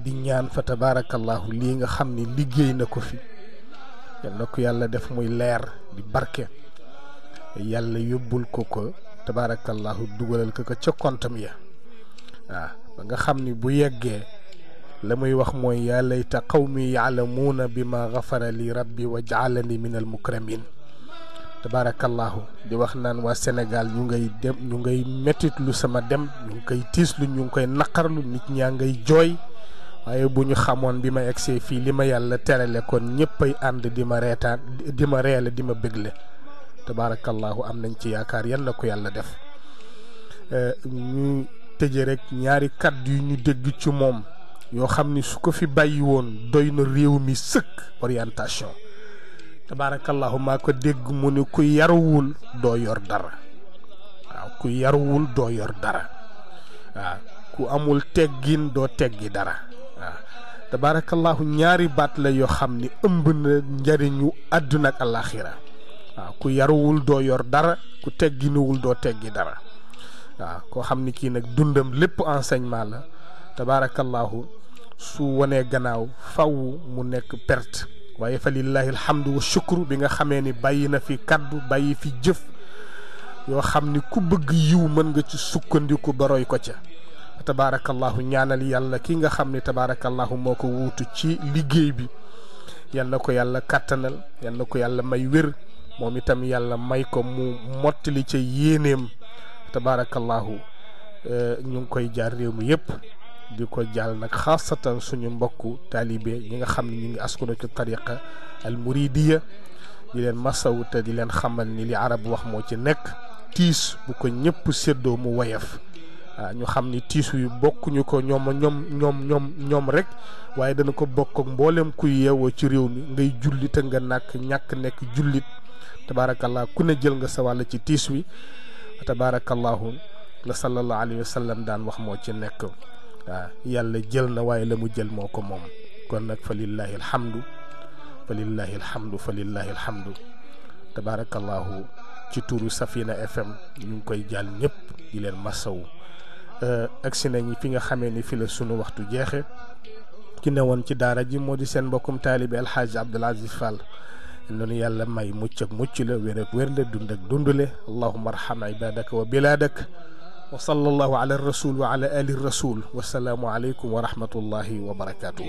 di ñaan fa tabarakallah li nga xamni liggey nako fi yalla ko yàlla def muy leer di barke yàlla yobul ko ko tabarakallah dugalal ko ko ci kontam ya ba nga xamni bu yeggee la muy wax mooy yaa layta qawmi yaalamuuna bi ma gafara li rabbi wa jaalani min al mukramin tabarakallahu di wax نيغي waa sénégal ñu ngay dem ñu ngay mettit lu sama dem ñu ngi koy tiislu ñu ngi koy naqarlu nit ñaa ngay yàlla terale kon ñëppay ànd di ma reetaan di ma réel di ma bégle tabarakallah am nañ ci yaakar yan na ko yàlla def euh ñu tëje rek ñaari kaddu yu ñu dégg ci mom yoo xam ni su ko fi bàyyi woon doy na réew mi sëkk orientation tabaarakallahu maa ko dégg mu ni ku yaruwul doo yor dara waaw ku yaruwul doo yor dara ku amul teggin doo teggi dara waaw tabaarakallahu ñaari baat la yoo xam ni ëmb na njariñu àdduna ak waaw ku yaruwul doo yor dara ku tegginuwul doo teggi dara waaw koo xam ni kii nag dundam lépp enseignement la tabaarakallahu su wonee gannaaw faw mu nekk perte waaye fa lillahi alhamdu wa shukru bi nga xamee ni bàyyi na fi kàddu bàyyi fi jëf yoo xam ni ku bëgg yiw mën nga ci sukkandiku ba roy ko ca tabaarakallahu ñaanal yàlla ki nga xam ni tabaarakallahu moo ko wuutu ci liggéey bi yal na ko yàlla kàttanal yal ko yàlla may wér moom itam yàlla may ko mu li ca yéeneem tabaarakallahu eh, ñu ngi koy jaar réew mi yépp di ko jàll nag xaasatan suñu mbokku taalibe ñi nga xam ne askuna ci tariqa al muridiya di leen masawu te di leen xamal ni li arab wax moo ci nekk tiis bu ko ñëpp séddoo mu wayef ah, ñu xam ni tiisu yu ñu ko ñoom ñoom ñoom ñoom ñoom rek waaye dana ko bokk ak mboolem kuy yeewoo ci réew mi ngay jullit nga nàkk ñàkk nekk jullit tabarakallah ku ne jël nga sa wàll ci tiis wi tabarakallahu la sallallahu alayhi wa sallam wax moo ci nekk يالله جل نواي لمو جل موكو موم كونك فلله الحمد فلله الحمد فلله الحمد تبارك الله تطورو سفينة FM ننكو يجال نيب يلير مساو أكسنا ني فينا خميني في لسونو وقتو جيخي كي نوان تي دارا جي مودي سن بوكم طالب الحاج عبد العزيز فال نوني يالله ماي موتشك موتشي لا ويرك ويرلا دوندك دوندلي اللهم ارحم عبادك وبلادك وصلى الله على الرسول وعلى آل الرسول والسلام عليكم ورحمة الله وبركاته